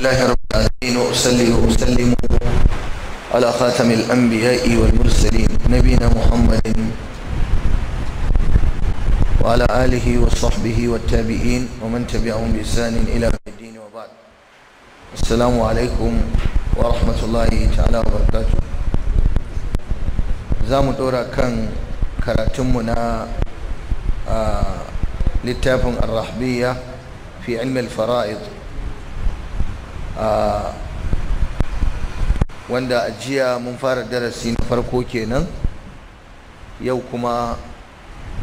لله رب العالمين وأصلي وأسلم على خاتم الأنبياء والمرسلين نبينا محمد وعلى آله وصحبه والتابعين ومن تبعهم بإحسان إلى يوم الدين وبعد السلام عليكم ورحمة الله تعالى وبركاته زام دورا كان كراتمنا آه للتافن الرحبية في علم الفرائض Ah, wanda a jiya mun fara darasi na farko kenan yau kuma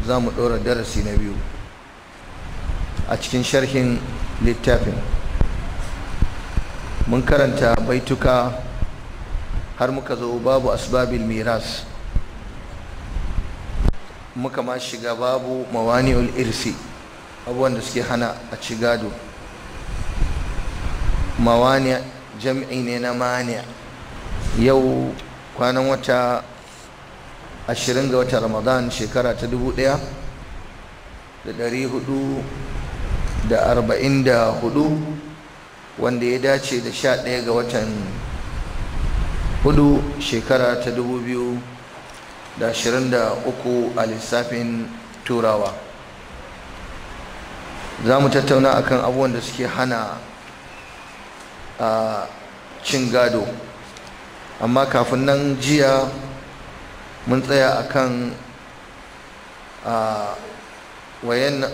za mu ɗora darasi na biyu a cikin sharhin littafin mun karanta baituka har muka zo babu asbabil miras muka ma shiga babu mawani'ul irsi abubuwan da suke hana a ci gado mawani jam'i ne na mani yau kwanan wata ashirin ga wata ramadan shekara ta dubu daya da dari hudu da arba'in da hudu wanda ya dace da sha daya ga watan hudu shekara ta dubu biyu da ashirin da uku a lissafin turawa za mu tattauna akan abubuwan da suke hana a cin gado amma kafin nan jiya mun tsaya akan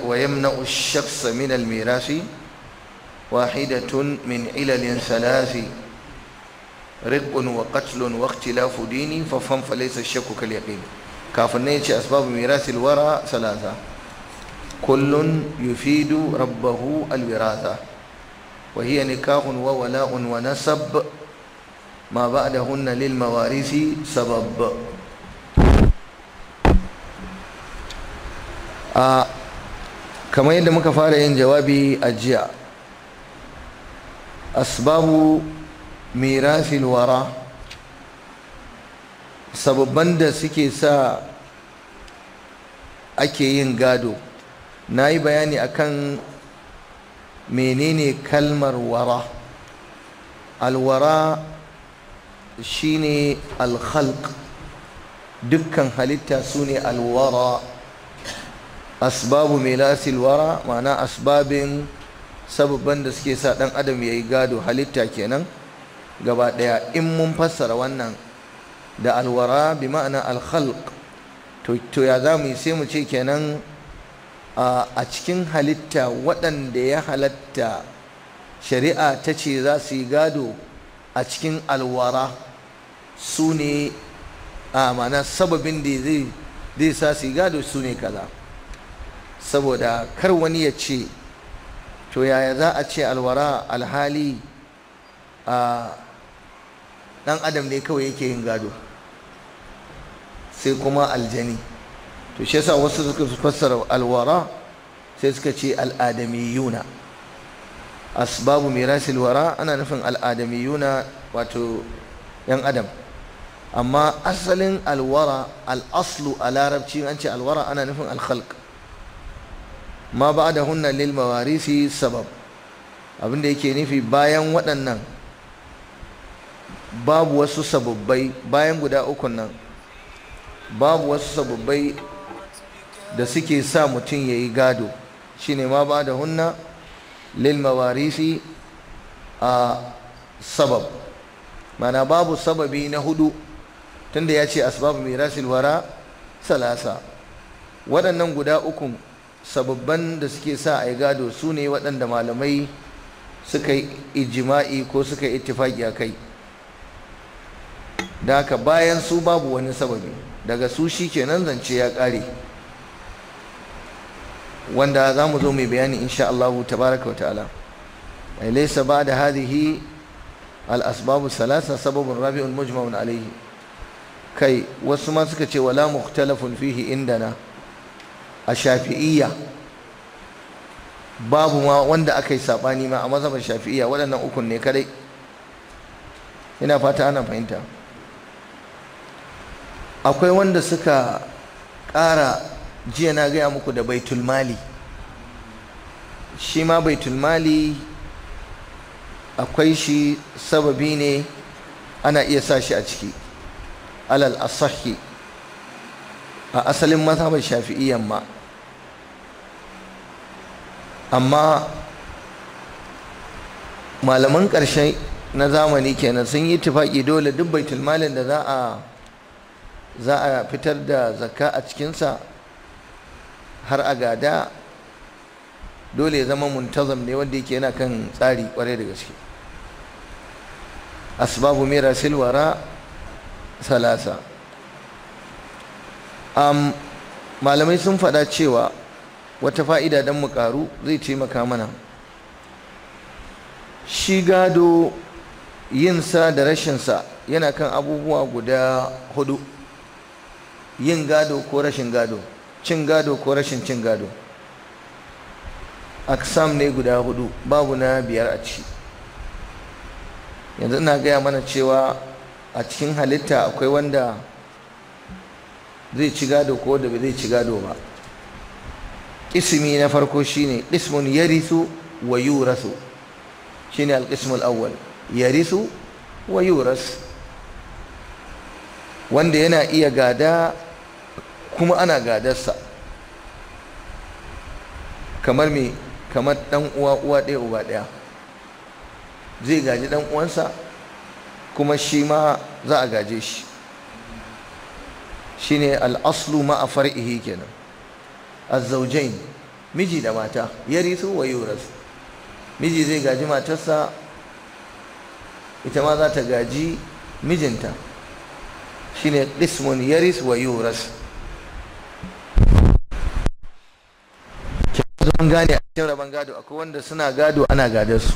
ويمنع الشخص من الميراث واحدة من علل ثلاث رق وقتل واختلاف ديني ففهم فليس الشك كاليقين كافنيت أسباب ميراث الورى ثلاثة كل يفيد ربه الوراثة وهي نكاح وولاء ونسب ما بعدهن للمواريث سبب آه kamar yadda muka fara yin jawabi a jiya asbabu mirasil wara sababban da suke sa ake yin gado na yi bayani akan menene kalmar wara alwara shine alkhalq dukkan halitta su ne alwara asbabu melasil wara ma'ana asbabin sababban da suke sa dan adam ya yi gado halitta kenan gaba daya in mun fassara wannan da alwara bi ma'ana alkhalq to ya za sai mu ce kenan a cikin halitta waɗanda ya halatta shari'a ta ce za su yi gado a cikin alwara su ne a mana sababin da zai sa su yi gado su ne kaza saboda kar wani ya ce to yaya za a ce alwara alhali a ɗan adam ne kawai yake yin gado sai kuma aljani to shi yasa wasu suka fassara alwara sai suka ce al'adamiyuna asbabu mirasil wara ana nufin al'adamiyuna wato yan adam amma asalin alwara al'aslu a larabci an ce alwara ana nufin alkhalq ma ba da hunna lil mawarisi sabab abinda yake nufi bayan waɗannan babu wasu sababbai bayan guda ukun nan babu wasu sababbai da suke sa mutum ya yi gado shine ma ba da hunna lil mawarisi a sabab mana babu sababi na hudu tunda ya ce asbabu mirasil wara salasa waɗannan guda uku sababban da suke sa a yi gado su ne waɗanda malamai suka yi ijima'i ko suka yi ittifaki a kai da haka bayan su babu wani sababi daga su shi kenan zance ya ƙare wanda za mu zo mai bayani insha Allah tabaraka wa ta'ala ai ba da hadihi al asbab salasa sababun rabi'un mujma'un alayhi kai wasu ma suka ce wala mukhtalafun fihi indana a shafi'iyya babu ma wanda aka yi sabani ma a mazhabar shafi'iyya waɗannan ukun ne kadai ina fata ana fahimta akwai wanda suka ƙara jiya na gaya muku da baitul mali shi ma baitul mali akwai shi sababi ne ana iya sa shi a ciki alal asahi a asalin mazhabar shafi'i ma amma malaman ƙarshe na zamani kenan sun yi tufaƙi dole duk baitul malin da za a za a fitar da zakka a cikinsa har a gada dole ya zama muntazam ne wanda yake yana kan tsari kwarai da gaske asbabu mirasil wara salasa um, malamai sun faɗa cewa wata fa'ida don mu ƙaru zai taimaka mana shi gado yinsa da rashinsa yana kan abubuwa guda hudu yin gado ko rashin gado cin gado ko rashin cin gado aksam ne guda hudu babu na biyar a ciki yanzu ina gaya mana cewa a cikin halitta akwai wanda zai ci gado ko da zai ci gado ba ismi na farko shine ismun yarisu wa yurasu shine al awwal yarisu wa yuras wanda yana iya gada kuma ana gadarsa kamar me kamar dan uwa uwa ɗaya uba ɗaya zai gaji dan uwansa kuma shi ma za a gaje shi shine ne al'aslu ma a far'ihi kenan azzaujain miji da mata yarisu wa yuras miji zai gaji matarsa ita ma za ta gaji mijinta shine qismun yaris wa yuras zan gane a cikin rabon gado akwai wanda suna gado ana gadar su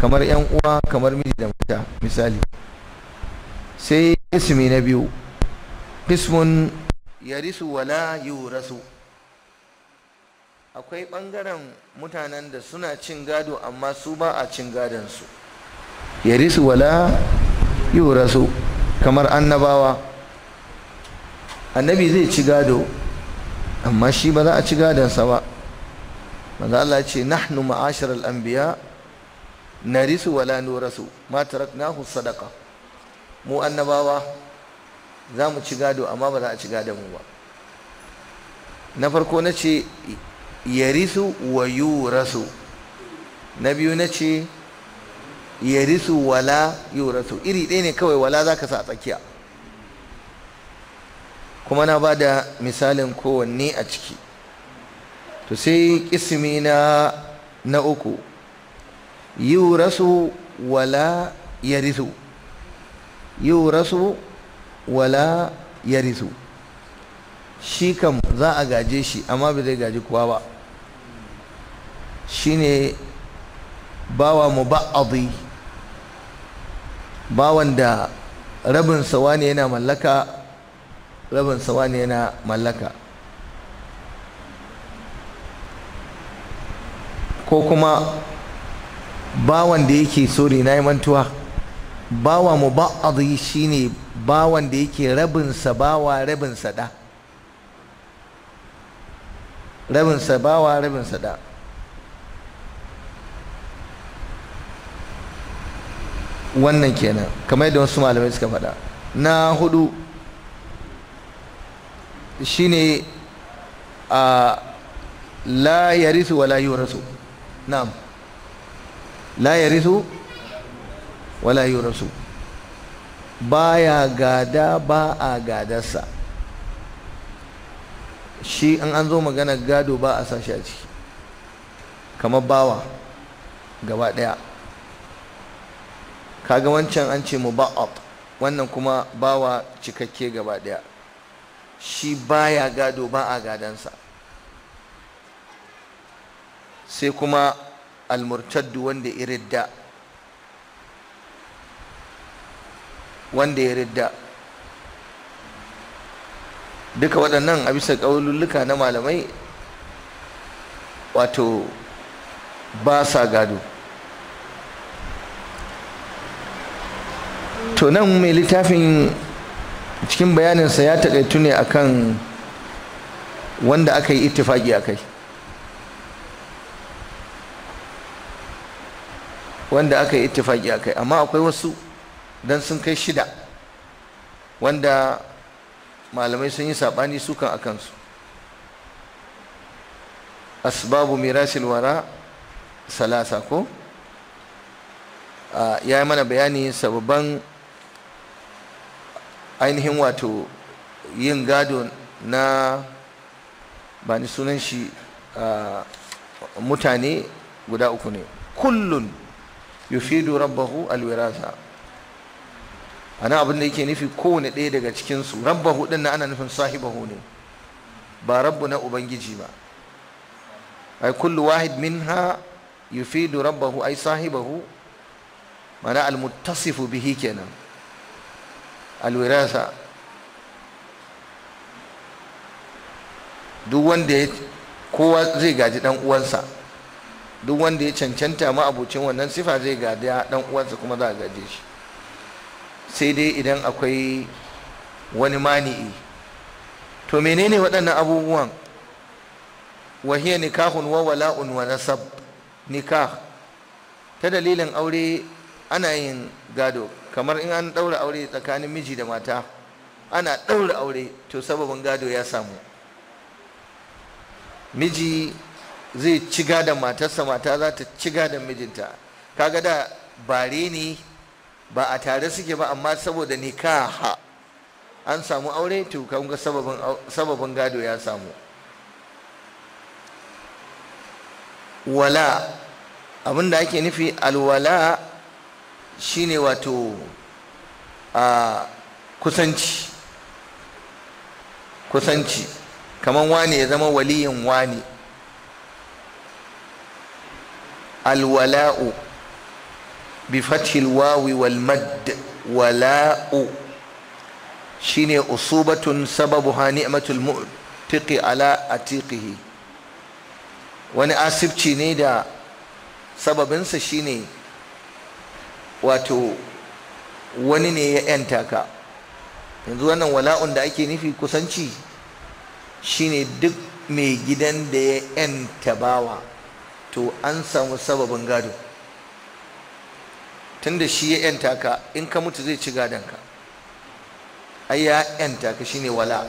kamar yan uwa kamar miji da mata misali sai ismi na biyu ismun yarisu wala yurasu akwai ɓangaren mutanen da suna cin gado amma su ba a cin gadon su yarisu wala yurasu kamar annabawa annabi zai ci gado amma shi ba za a ci gadon sa ba manzo Allah ya ce nahnu ma'asharal na risu wala nurasu ma taraknahu sadaka mu annabawa za mu ci gado amma ba za a ci gado mu ba na farko na ce ya risu wa yurasu na biyu na ce ya risu wala yurasu iri ɗaya ne kawai wala za ka sa tsakiya kuma na ba da misalin kowanne a ciki to sai kismi na na uku rasu wala ya rizu yarisu rasu wala ya rizu shi kam za a gaje shi amma ba zai gaji kowa ba ne bawa mu muba'adi bawan da rabin sawa ne yana mallaka rabin sawa ne yana mallaka ko kuma bawan da yake sori na yi mantuwa bawa mu shi ne bawan da yake rabinsa bawa rabinsa da rabinsa bawa rabinsa da wannan kenan kamar yadda wasu malamai suka faɗa na hudu shine a la yarisu wala yurasu na'am baya gada ba a سا shi ان an zo maganar gado ba a sashi a ciki kamar bawa gaba kaga wancan an ce muba'at wannan kuma bawa cikakke gaba daya shi baya gado ba a gadansa sai kuma almurtaddu wanda ya ridda wanda ya duka waɗannan a bisa ƙaululluka na malamai wato ba sa gado to nan mai littafin cikin bayaninsa ya taƙaitu ne a kan wanda aka yi ittifaki a kai wanda aka yi ittifaki a kai amma akwai wasu don sun kai shida wanda malamai sun yi saɓani sukan a kansu asbabu mirasil wara salasa ko ya yi mana bayani sababan ainihin wato yin gado na bani sunan shi mutane guda uku ne kullun yufidu rabbahu alwirasa ana abin da yake nufi kowane ɗaya daga cikinsu rabbahu ɗin na ana nufin sahibahu ne ba rabbu na ubangiji ba ai kullu wahid minha yufidu rabbahu ai sahibahu mana almuttasifu bihi kenan alwirasa duk wanda ya kowa zai gaji dan uwansa duk wanda ya cancanta ma abucin wannan sifa zai gada dan uwansa kuma za a gaje shi sai dai idan akwai wani mani'i to menene waɗannan abubuwan wahiyar nikahun wa wala'un wa nasab nikah ta dalilin aure ana yin gado kamar in an ɗaura aure tsakanin miji da mata ana ɗaura aure to sababin gado ya samu miji zai ci gada matarsa mata za ta ci gada mijinta kaga da bare ne ba a tare suke ba amma saboda nikaha an samu aure to kan ga sababin gado ya samu wala abin da ake nufi alwala shine wato a kusanci kusanci kamar wani ya zama waliyin wani alwala'u bi fathil wawi wal mad wala'u shine usubatun sababuha ni'matul mu'tiqi ala atiqihi wani asibci ne da sababinsa shine wato wani ne ya yanta ka yanzu wannan wala'un da ake nufi kusanci shine duk mai gidan da ya yanta bawa to an samu sababin gado tunda shi ya yanta ka in ka mutu zai ci gadon ka ai ya yanta ka shine wala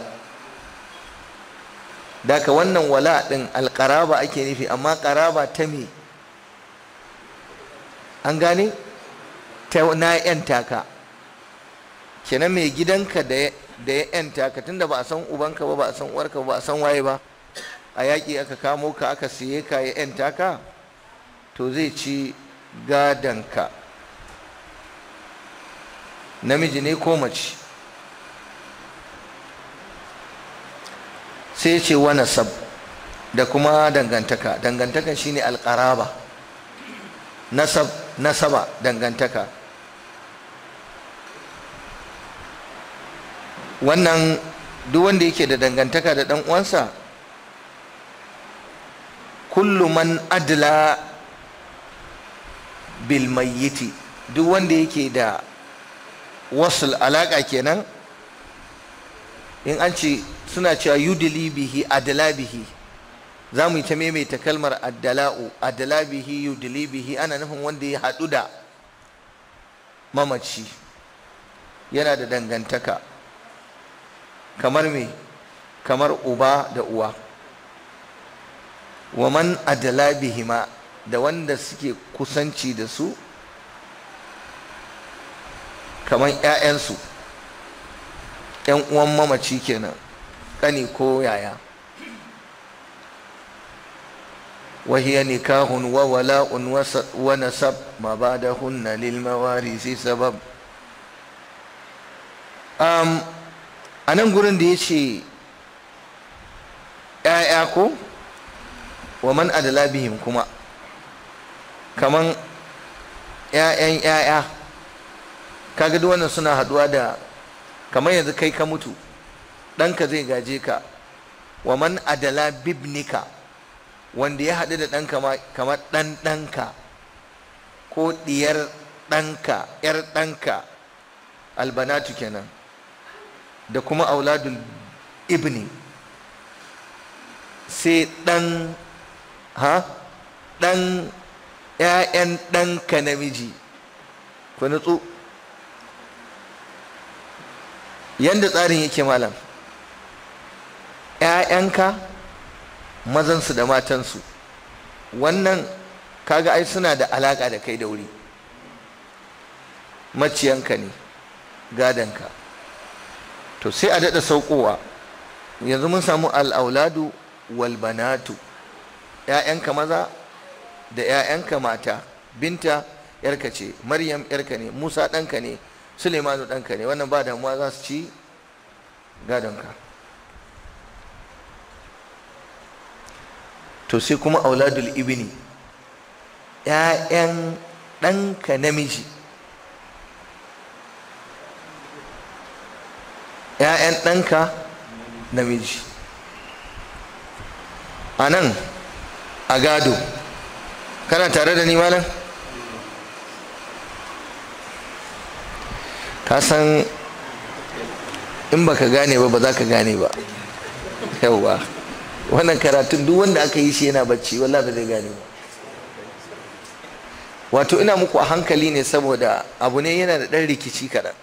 daka wannan wala din alqaraba ake nufi amma qaraba ta me an gane ta na yanta ka kenan mai gidanka da ya yanta ka tunda ba a san ka ba ba a san uwar ba ba a san waye ba a yaƙi aka kamo ka aka siye ka ya ‘yanta ka to zai ci ka namiji ne ko mace sai ce wani sab da kuma dangantaka dangantaka shine alƙaraba nasab nasaba dangantaka wannan duk wanda yake da dangantaka da ɗan uwansa kullu man adla bil duk wanda yake da wasu alaka kenan in an ce suna cewa yudili bihi adala bihi za mu yi ta maimaita kalmar adala'u adala bihi yudili bihi ana nufin wanda ya haɗu da mamaci yana da dangantaka kamar me kamar uba da uwa wa man adala bihima da wanda suke kusanci da su kamar 'ya'yansu 'yan uwan mamaci kenan ƙani ko yaya وهي نكاح وولاء ونسب ما بعدهن للموارث سبب sabab. a nan gurin da ya ce ‘ya'ya ko wa man adala bihim kuma kaman ƴaƴan ƴaƴa. kaga duk wannan suna haɗuwa da kamar yanzu kai ka mutu ɗanka zai gaje ka wa man adala bibnika wanda ya haɗu da ɗanka kamar ɗan ɗanka ko ɗiyar ɗanka ‘yar ɗanka albanatu kenan da kuma auladul ibni sai ɗan ha ɗan ‘ya'yan ɗanka namiji ku nutsu yadda tsarin yake malam ‘ya'yanka mazansu da matansu wannan kaga ai suna da alaƙa da kai da wuri maciyanka ne ka. to sai a daɗa saukowa yanzu mun samu al'auladu wal banatu 'ya'yanka maza da 'ya'yanka mata binta yarka ce maryam yarka ne musa ɗanka ne sulemanu ɗanka ne wannan ba damuwa za su ci gadonka to sai kuma auladul ibni 'ya'yan ɗanka namiji ‘ya'yan ɗanka namiji a nan a gado kana tare da ni malam ka san in baka gane ba ba za ka gane ba yauwa wannan karatun duk wanda aka yi shi yana bacci wala ba zai gane ba wato ina muku a hankali ne saboda abu ne yana da ɗan rikici kaɗan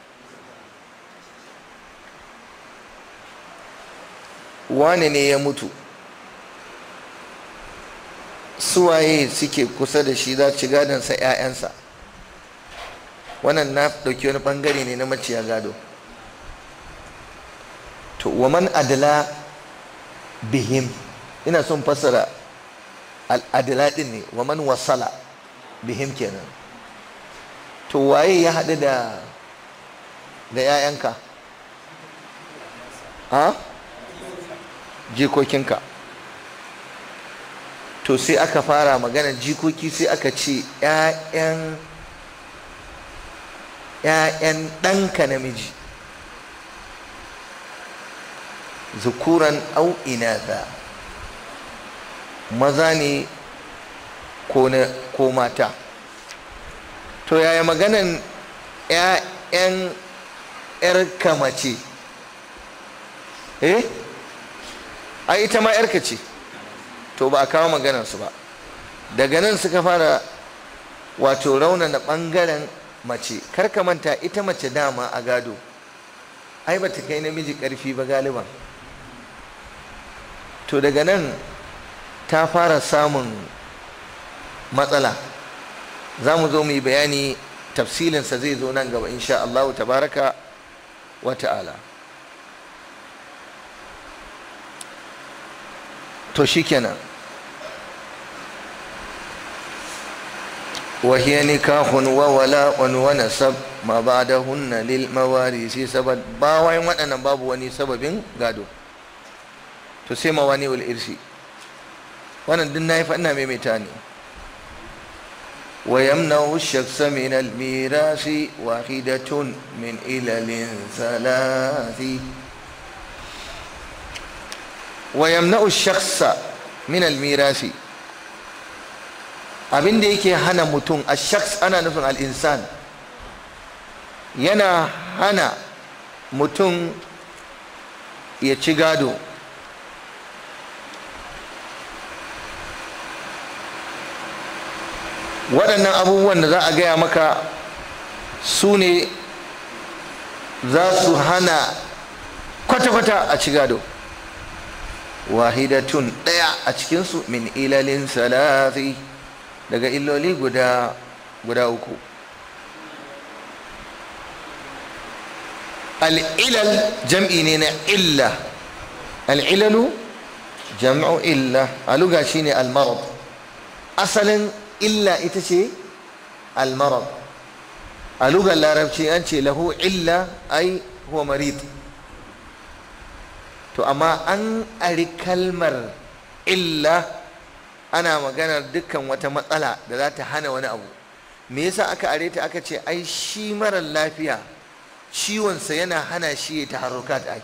wane ne ya mutu suwaye suke kusa da shi za ci gadonsa 'ya'yansa wannan na ɗauki wani ɓangare ne na maciya gado to wa man adala bihim ina son fassara al'adala ɗin ne wa man wasala bihim kenan to waye ya haɗu da da 'ya'yanka ha jikokinka to sai aka fara magana jikoki sai aka ce ‘ya'yan ɗanka namiji zukuran au za, maza ne ko mata to yaya maganan ‘ya'yan ‘yarka mace eh ai ita ma ‘yarka ce to ba a kawo maganarsu ba daga nan suka fara wato rauna na ɓangaren mace kar ka manta ita mace dama a gado ai ba ta kai namiji karfi ba galiban to daga nan ta fara samun matsala za mu zo mu yi bayani tafsilinsa zai zo nan gaba insha Allah tabaraka wa ta'ala to shikenan وهي نكاح وولاء ونسب ما بعدهن للمواريث سبب با وين ودان باب وني سببين gado. to sai mawani wal irsi wannan din nayi fa ina maimaita ne ويمنع الشخص من الميراث واحدة من إلل ثلاث ويمنع الشخص من الميراث abin da yake hana mutum a shaks ana nufin al'insan yana hana mutum ya ci gado waɗannan abubuwan da za a gaya maka su ne za su hana kwata-kwata a ci gado wahidatun ɗaya a cikinsu min ilalin salati daga illoli guda guda uku al'ilal jam'i ne na illa al'ilalu jam'u illa a shi ne almarad asalin illa ita ce almarad a larabci an ce lahu illa ai huwa marid to amma an ari kalmar illa ana maganar dukkan wata matsala da za ta hana wani abu me yasa aka are ta aka ce ai shi marar lafiya ciwonsa yana hana shi ya taharrukat ai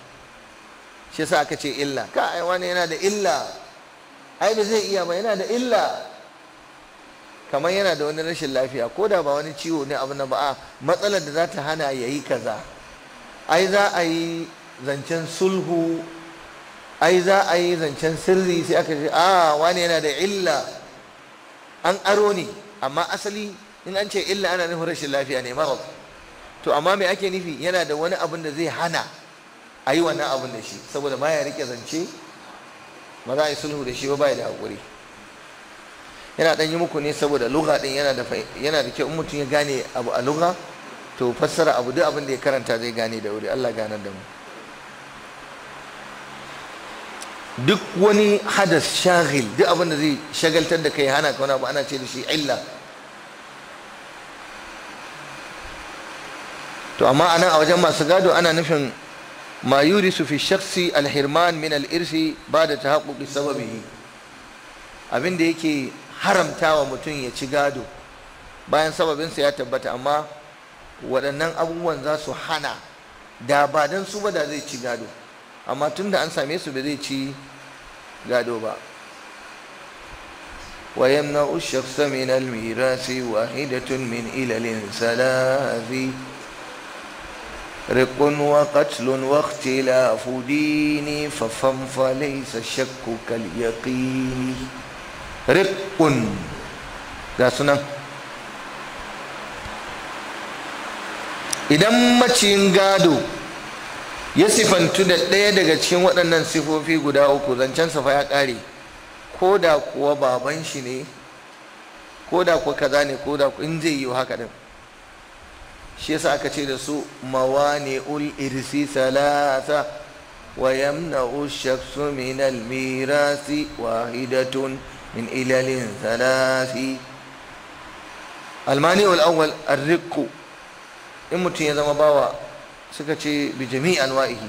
shi yasa aka ce illa ka ai wani yana da illa ai ba zai iya ba yana da illa kamar yana da wani rashin lafiya ko da ba wani ciwo ne abu na ba a matsalar da za ta hana ya yi kaza ai za a yi zancen sulhu ai za a yi zancen sirri sai aka ce a ah, wani yana da illa an aro ne amma asali in an ce illa ana nufin rashin lafiya ne marar to amma me ake nufi yana da wani abin da zai hana a yi wannan abin da shi saboda ma ya rike zance ba za a yi sulhu da shi ba ba da haƙuri yana ɗan yi muku ne saboda lugha ɗin yana da kyau in mutum ya gane abu a lugha to fassara abu duk abin da ya karanta zai gane da wuri Allah ganar da mu duk wani hadas shagil duk abin da zai shagaltar da kai hana kauna ba ana ce da shi illa to amma anan a wajen masu gado ana nufin mayuri su fi shaksi alhirman min al'irsi ba da ta sababihi abin da yake haramtawa mutum ya ci gado bayan sababinsa ya tabbata amma waɗannan abubuwan za su hana da ba don su ba da zai ci gado amma tunda an same su ba zai ci gado ba ويمنع الشخص من الميراث واحدة من إلل ثلاث رق وقتل واختلاف دين ففم فليس الشك كاليقين رق ga sunan idan macin gado ya sifantu da ɗaya daga cikin waɗannan sifofi guda uku zancen fa ya ƙare ko da kuwa baban shi ne ko da kuwa kaza ne ko da in zai yi haka din shi yasa aka ce da su mawani ul irsi salasa wa na ushaksu min al mirasi wahidatun min ilalin salasi almani ul awwal arriku in mutum ya zama bawa suka ce bi jami'i anwa'ihi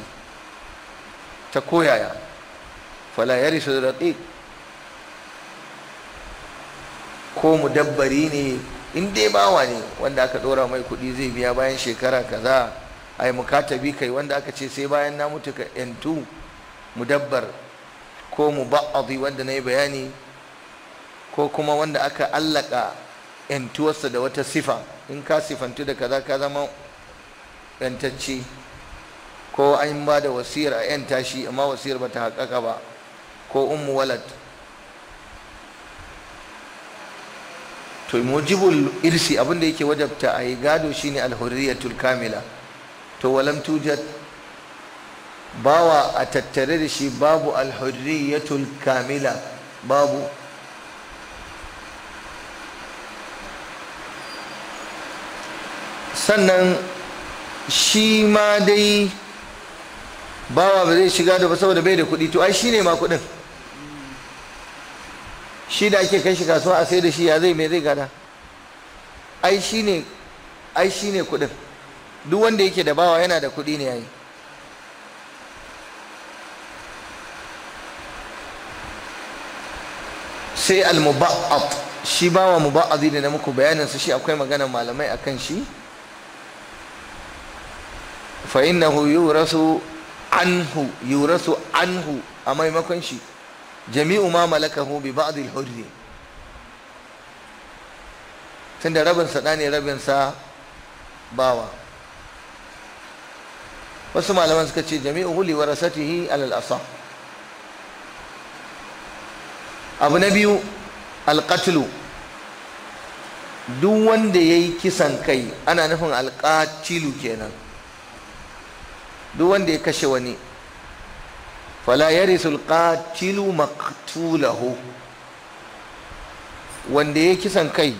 ta koyaya fala yarisu raqiq ko mudabbari ne in dai bawa ne wanda aka dora mai kuɗi zai biya bayan shekara kaza ai mukatabi kai wanda aka ce sai bayan na mutu ka yantu mudabbar ko muba'adi wanda na yi bayani ko kuma wanda aka allaka yantuwarsa da wata sifa in ka sifantu da kaza ka zama rantacce ko an ba da wasiyar a yan tashi amma wasiyar ba ta haƙaƙa ba ko ummu walad to mujibul irsi abin da yake wajabta a yi gado shi shine alhurriyatul kamila to walam tujad bawa a tattare da shi babu alhurriyatul kamila babu sannan shi ma dai bawa ba zai shiga da ba saboda bai da kuɗi to ai shi ne ma kuɗin shi da ake kai shi kasuwa a sai da shi ya zai mai zai gada ai shi ne ai shi ne kuɗin duk wanda yake da bawa yana da kuɗi ne yayi sai al-mubaa'at shi bawa muba'azi ne na muku bayanin su shi akwai maganar malamai akan shi fa innahu yurasu anhu yurasu anhu a maimakon shi jami'u ma malakahu bi ba'd al-hurri tunda rabin sa ne rabin sa bawa wasu malaman suka ce jami'u huli wa rasatihi alal asah abu na biyu alƙatulu duk wanda ya yi kisan kai ana nufin alƙatilu kenan duk wanda ya kashe wani fala sulka qatilu maktulahu wanda ya kisan kai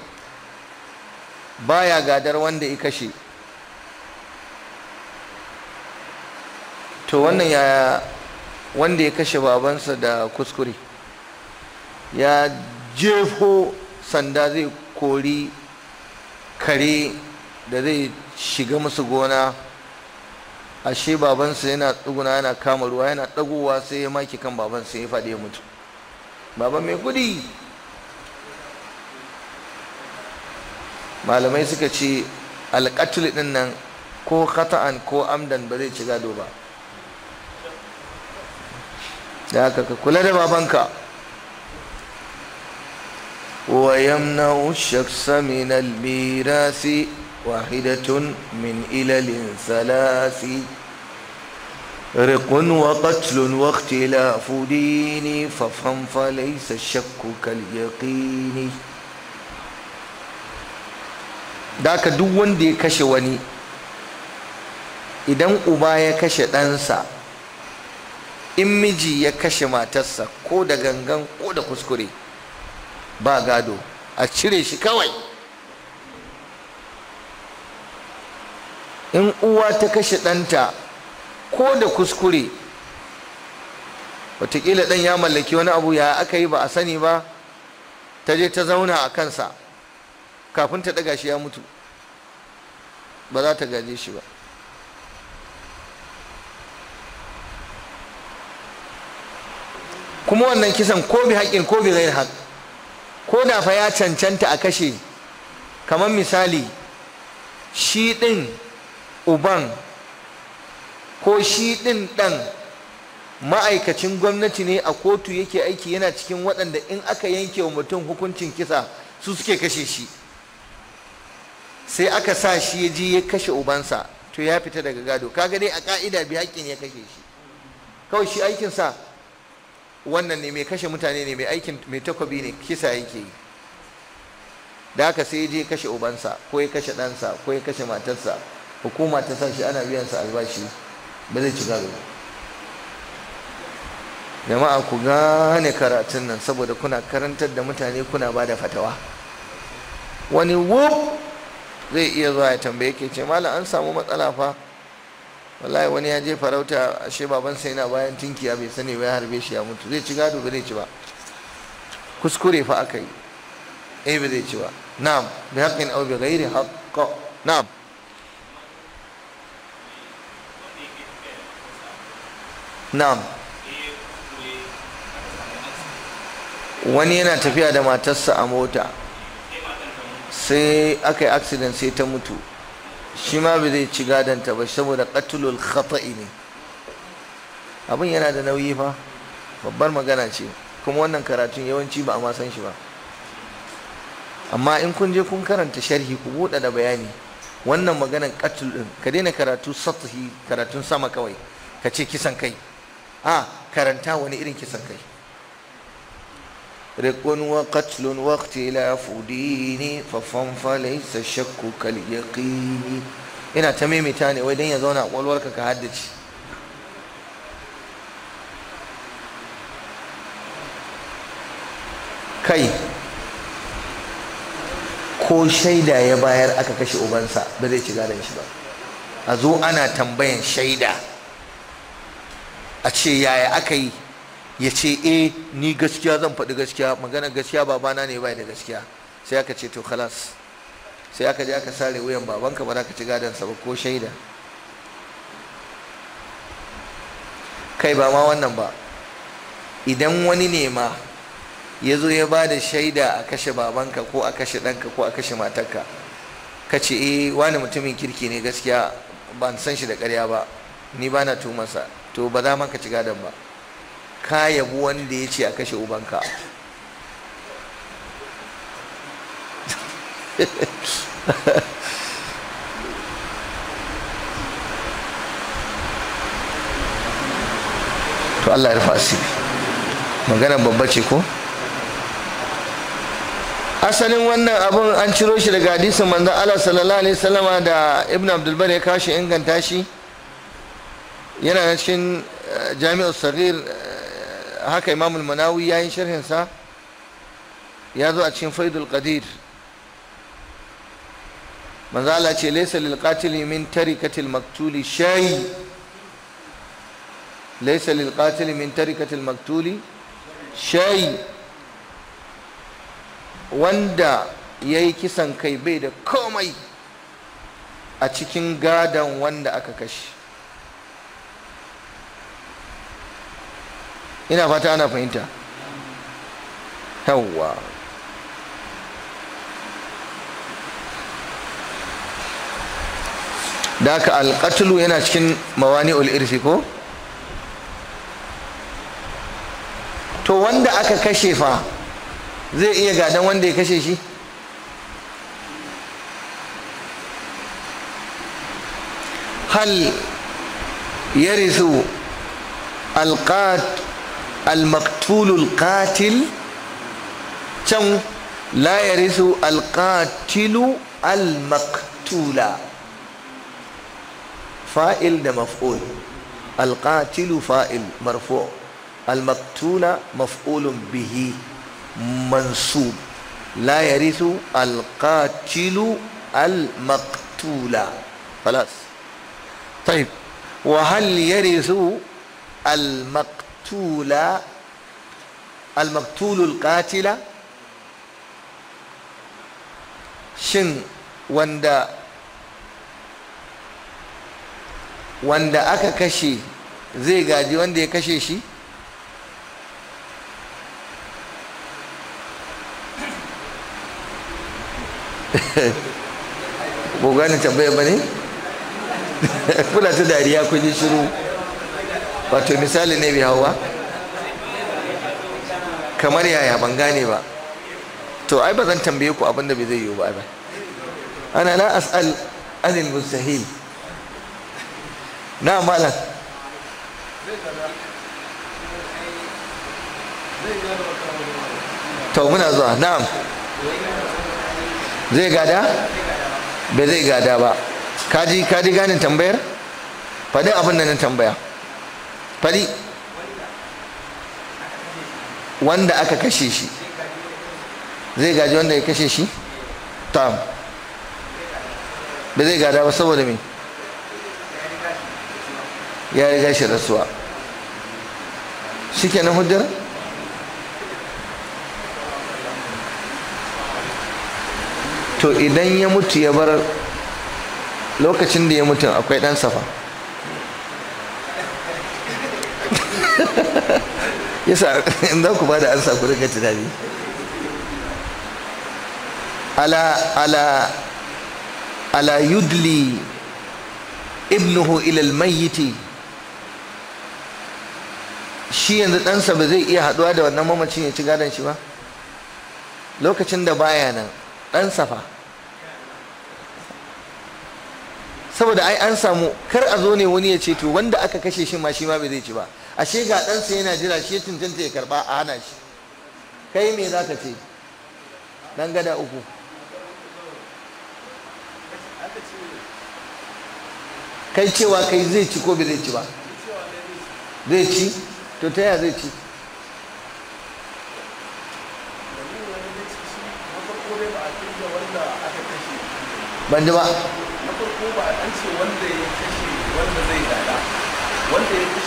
baya gadar wanda ya kashe to wannan ya wanda ya kashe babansa da kuskure ya jefo sanda zai kori kare da zai shiga musu gona ashe babansa yana tsuguna yana kama ruwa yana ɗagowa sai ya maki kan babansa ya faɗi ya mutu baban mai kudi malamai suka ce alƙatul ɗin nan ko kata'an ko amdan ba zai ci gado ba da haka ka kula da babanka wa yamna shaksa min al-mirasi واحدة من إلل ثلاث رق وقتل واختلاف دين فافهم فليس الشك كاليقين daka duk wanda ya kashe wani idan uba ya kashe ɗansa in miji ya kashe matarsa ko da gangan ko da kuskure ba gado a cire shi kawai in uwa ta kashe ɗanta ko da kuskure watakila ɗan ya mallaki wani abu ya aka yi ba a sani ba ta je ta zauna a kansa kafin ta ɗaga shi ya mutu ba za ta gaje shi ba kuma wannan kisan ko bi haƙƙin ko bi zai haƙ ko da fa ya cancanta a kashe kamar misali shi ɗin uban ko shi ɗin ɗan ma'aikacin gwamnati ne a kotu yake aiki yana cikin waɗanda in aka yanke wa mutum hukuncin kisa su suke kashe shi sai aka sa shi ya ji ya kashe ubansa to ya fita daga gado kaga dai a ka'ida bi haƙƙin ya kashe shi kawai shi aikinsa wannan ne mai kashe mutane ne mai aikin mai takwabi ne kisa yake yi da haka sai ya je kashe ubansa ko ya kashe ɗansa ko ya kashe matarsa hukuma ta sa shi ana biyan sa albashi ba zai ci gado jama'a ku gane karatun nan saboda kuna karantar da mutane kuna ba da fatawa wani wuf zai iya zuwa ya tambaye ke ce malam an samu matsala fa wallahi wani ya je farauta ashe baban sai yana bayan tinkiya bai sani bai harbe shi ya mutu zai ci gado ba zai ci ba kuskure fa aka yi eh ba zai ci ba na'am bi haqqin aw bi ghairi haqqin na'am na'am wani yana tafiya da matarsa a mota sai aka yi accident sai ta mutu shi ma bai zai ci gadanta ba saboda qatlul khata'i ne abin yana da nauyi fa babbar magana ce kuma wannan karatun yawanci ba a ma san shi ba amma in kun je kun karanta sharhi ku buɗe da bayani wannan maganan katul din ka daina karatu sathi karatun sama kawai ka ce kisan kai a karanta wani irin kisan kai رق وقتل واختلاف دين ففهم فليس الشك ina ta maimaita ne wai don ya zauna ƙwaƙwalwarka ka haddace kai ko shaida ya bayar aka kashe ubansa ba zai ci gadon shi ba a zo ana tambayan shaida a ce yaya aka yi ya ce 'E ni gaskiya zan faɗi gaskiya magana gaskiya babana ne bai da gaskiya sai aka ce to khalas sai aka je aka sare wuyan babanka ba za ka ci gadonsa ba ko shaida kai ba ma wannan ba idan wani ne ma ya zo ya ba da shaida a kashe babanka ko a kashe ɗanka ko a kashe matarka ka ce 'E wani mutumin kirki ne gaskiya ban san shi da ƙarya ba ni ba na tumarsa to ba za maka ci gadon ba ka yabu wanda ya ce a kashe ubanka to Allah ya rufa asiri maganan babba ce ko asalin wannan abun an ciro shi daga hadisin manzon Allah sallallahu alaihi wasallama da Ibn Abdul Bari ya kashi inganta shi yana cikin eh, jami'ar sarir eh, haka imamul manawi ya yi sharhinsa ya zo a cikin faidul qadir Manzala ce laisa lil qatil min tarikatil maktuli shayi laisa lil qatil min tarikatil maktuli shayi wanda ya yi kisan kai bai da komai a cikin gadon wanda aka kashe ina fata ana fahimta yawwa da aka alƙatulu yana cikin mawani ul'irfi ko to wanda aka kashe fa zai iya gadon wanda ya kashe shi hal yarisu alƙatulu المقتول القاتل تم لا يرث القاتل المقتول فائل ده مفعول القاتل فائل مرفوع المقتول مفعول به منصوب لا يرث القاتل المقتول خلاص طيب وهل يرث المقتول المقتولة المقتول القاتلة شن وندا wanda aka kashe zai gaji wanda ya kashe shi ba gane tambaya ba ne? kula ta dariya kun yi shiru wato misali ne bai hau ba kamar yaya ban gane ba to ai ba zan tambaye ku abinda bai zai yiwu ba ba ana la as'al anil mustahil na malam to muna zuwa na'am zai gada bai zai gada ba kaji kaji ganin tambayar faɗin abin da na tambaya fari wanda aka kashe shi zai gaji wanda ya kashe shi tam ba zai gada ba saboda me ya riga shi rasuwa shi kenan hujjar to idan ya mutu ya bar lokacin da ya mutu akwai dan safa yasa in za ku ba da ansa ku rika tunani ala ala ala yudli ibnuhu ila almayyiti shi yanzu ɗansa ba zai iya haɗuwa da wannan mamacin ya ci gadon shi ba lokacin da baya nan ɗansa fa saboda ai an samu kar a zo ne wani ya ce to wanda aka kashe shi ma shi ma bai zai ci ba ashe ga ɗansa yana jira shi cancanta ya karɓa a hana shi kai me za ka ce ɗan gada uku kai cewa kai zai ci ko bai zai ci ba zai ci to ta yaya zai ci ban ji ba na farko ba an ce wanda ya kashe wanda zai dada, wanda ya kashe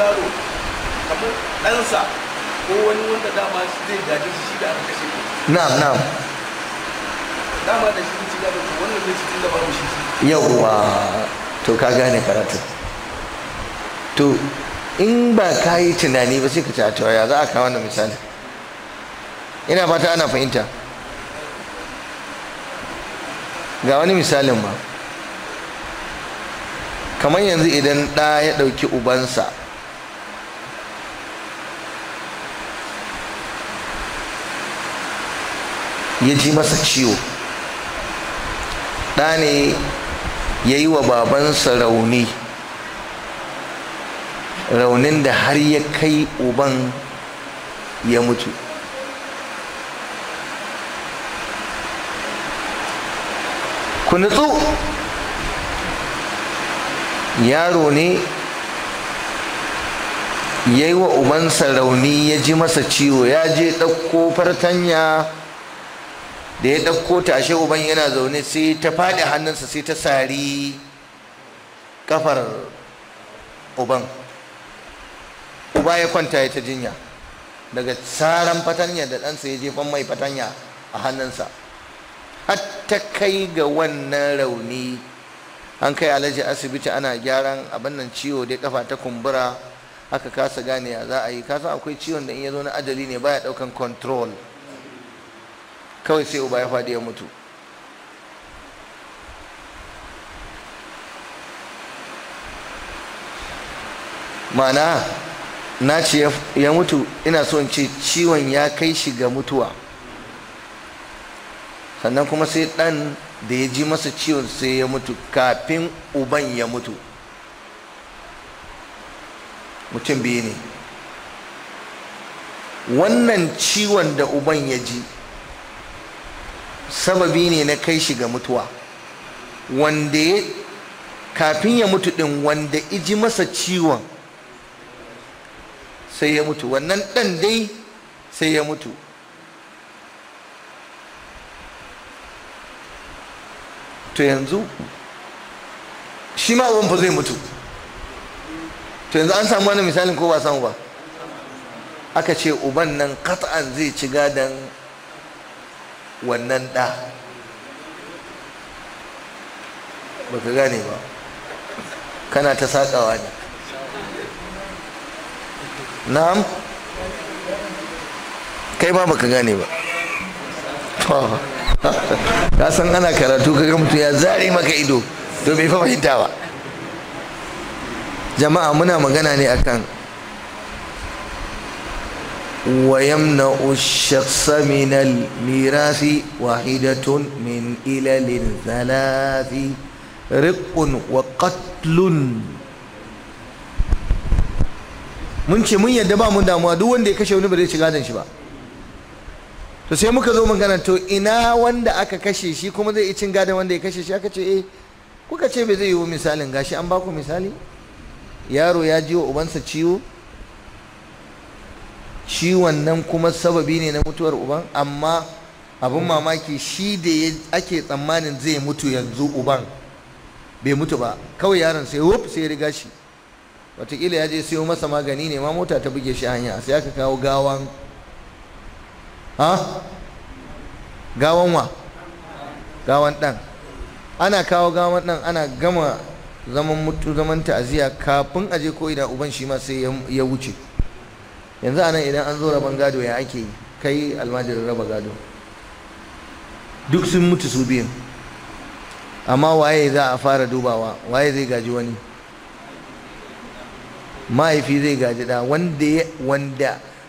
yaro kamar ɗansa ko wani wanda dama zai gaji shi da aka kashe na'am na'am dama da shi ci gaba to wannan zai cikin da ba mu shi yawwa to ka gane karatu to in ba ka yi tunani ba sai ka ci a tawaya za a kawo wannan misali ina fata ana fahimta ga wani misalin ba kamar yanzu idan ɗa ya ɗauki ubansa ya ji masa ciwo ɗa ne ya yi wa babansa rauni raunin da har ya kai uban ya mutu ku nutsu yaro ne ya yi wa ubansa rauni ya ji masa ciwo ya je ɗauko fartanya da ya ɗauko ta ashe uban yana zaune sai ta faɗi hannunsa sai ta sari ƙafar uban uba ya kwanta ya ta jinya daga saran fatanya da ɗansa ya jefan mai fatanya a hannunsa har ta kai ga wannan rauni an kai alhaji asibiti ana gyaran abin nan ciwo dai kafa ta kumbura aka kasa gane ya za a yi kasa akwai ciwon da in ya zo na ajali ne baya ɗaukan control kawai sai uba ya faɗi ya mutu ma'ana na ce ya mutu ina so in ce ciwon ya kai shi ga mutuwa sannan kuma sai ɗan da ya ji masa ciwon sai ya mutu kafin uban ya mutu mutum biyu ne wannan ciwon da uban ya ji sababi ne na kai shi ga mutuwa wanda ya kafin ya mutu din wanda iji masa ciwon sai ya mutu wannan dan dai sai ya mutu to yanzu shi ma uban fa zai mutu to yanzu an samu wani misalin ko ba samu ba aka ce uban nan kat'an zai ci gadan wannan ɗa ba ka gane ba kana ta saƙawa ne na'am kai ba ka gane ba ka san ana karatu kaga mutum ya zari maka ido to bai fahimta ba jama'a muna magana ne akan ويمنع الشخص من الميراث واحدة من إلل ثلاث رق وقتل mun ce mun yadda ba mun damuwa duk wanda ya kashe wani ba zai gadon shi ba to sai muka zo magana to ina wanda aka kashe shi kuma zai cin gadon wanda ya kashe shi aka ce eh kuka ce bai zai yiwu misalin gashi an baku misali yaro ya ji wa ubansa ciwo shi wannan kuma sababi ne na mutuwar uban amma abin mamaki shi da ake tsammanin zai mutu yanzu uban bai mutu ba kawai yaron sai wuf sai riga shi wataƙila ya je sayo masa magani ne ma mota ta buge shi hanya sai aka kawo gawan ha gawan wa gawan ɗan ana kawo gawan ɗan ana gama zaman mutu zaman ta'aziyya kafin aje ko ina uban shi ma sai ya wuce yanzu anan idan an zo rabon gado ya ake kai almajirin raba gado duk sun mutu su biyun amma waye za a fara dubawa waye zai gaji wani mahaifi zai gaji da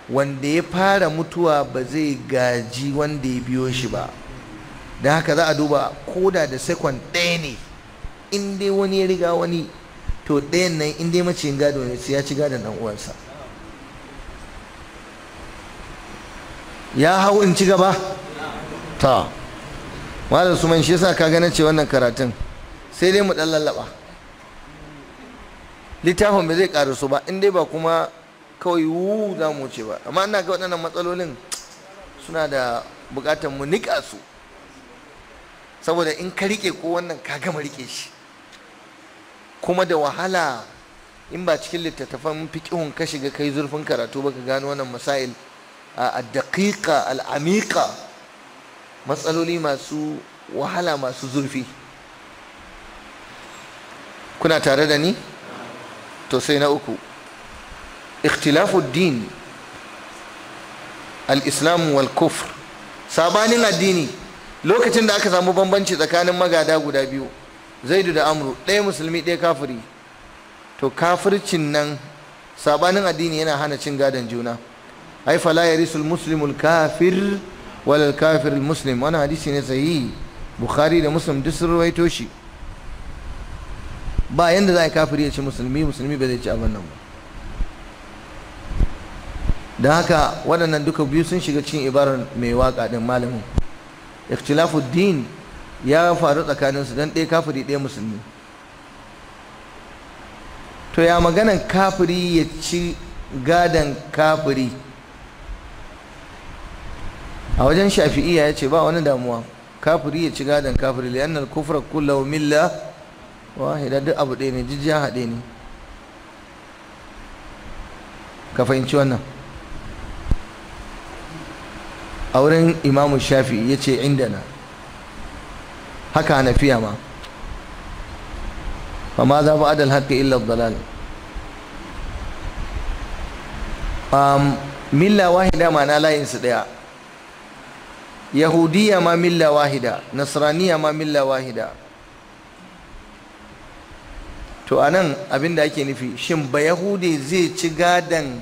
wanda ya fara mutuwa ba zai gaji wanda ya biyo shi ba don haka za a duba koda da sekon ɗaya ne inda wani ya riga wani to ɗayan nan in dai maciyin gado ne sai ya ci gadon ɗan uwansa ya hau in ci gaba ta malam su man shi yasa ka gane ce wannan karatun sai dai mu dan lallaba littafin ba zai karu su ba in dai ba kuma kawai wu za mu ce ba amma ina ga waɗannan matsalolin suna da buƙatar mu niƙa su saboda in ka rike ko wannan ka gama rike shi kuma da wahala in ba cikin littattafan fikihun ka shiga kai zurfin karatu ba ka gano wannan masail الدقيقة العميقة matsaloli masu wahala masu zurfi kuna tare da ni to sai na uku ikhtilafuddin al-islam wal kufr sabanin addini lokacin da aka samu bambanci tsakanin magada guda biyu zaidu da amru ɗaya musulmi ɗaya kafiri to kafircin nan sabanin addini yana hana cin gadon juna ai fala yarisul muslimul kafir wal kafir muslim wani hadisi ne sahihi bukhari da muslim duk sun rawaito shi ba yanda za a kafiri ya ci musulmi musulmi ba zai ci abin nan ba don haka waɗannan duka biyu sun shiga cikin ibarar mai waka ɗin malamin ikhtilafuddin ya faru tsakanin su don ɗaya kafiri ɗaya musulmi to ya maganan kafiri ya ci gadon kafiri a wajen shafi'iya ya ce ba wani damuwa kafiri ya ci gadon kafiri liyan kufra kufra wa milla wahida duk abu ɗaya ne jijjiya haɗe ne ka fahimci wannan a wurin imamu shafi ya ce indana haka hanafiya ma fa ma za ba adal haka illa dalal milla wahida ma na layinsu ɗaya yahudiya ma milla wahida nasraniya ma milla wahida to anan abin da ake nufi shin ba yahudi zai ci gadan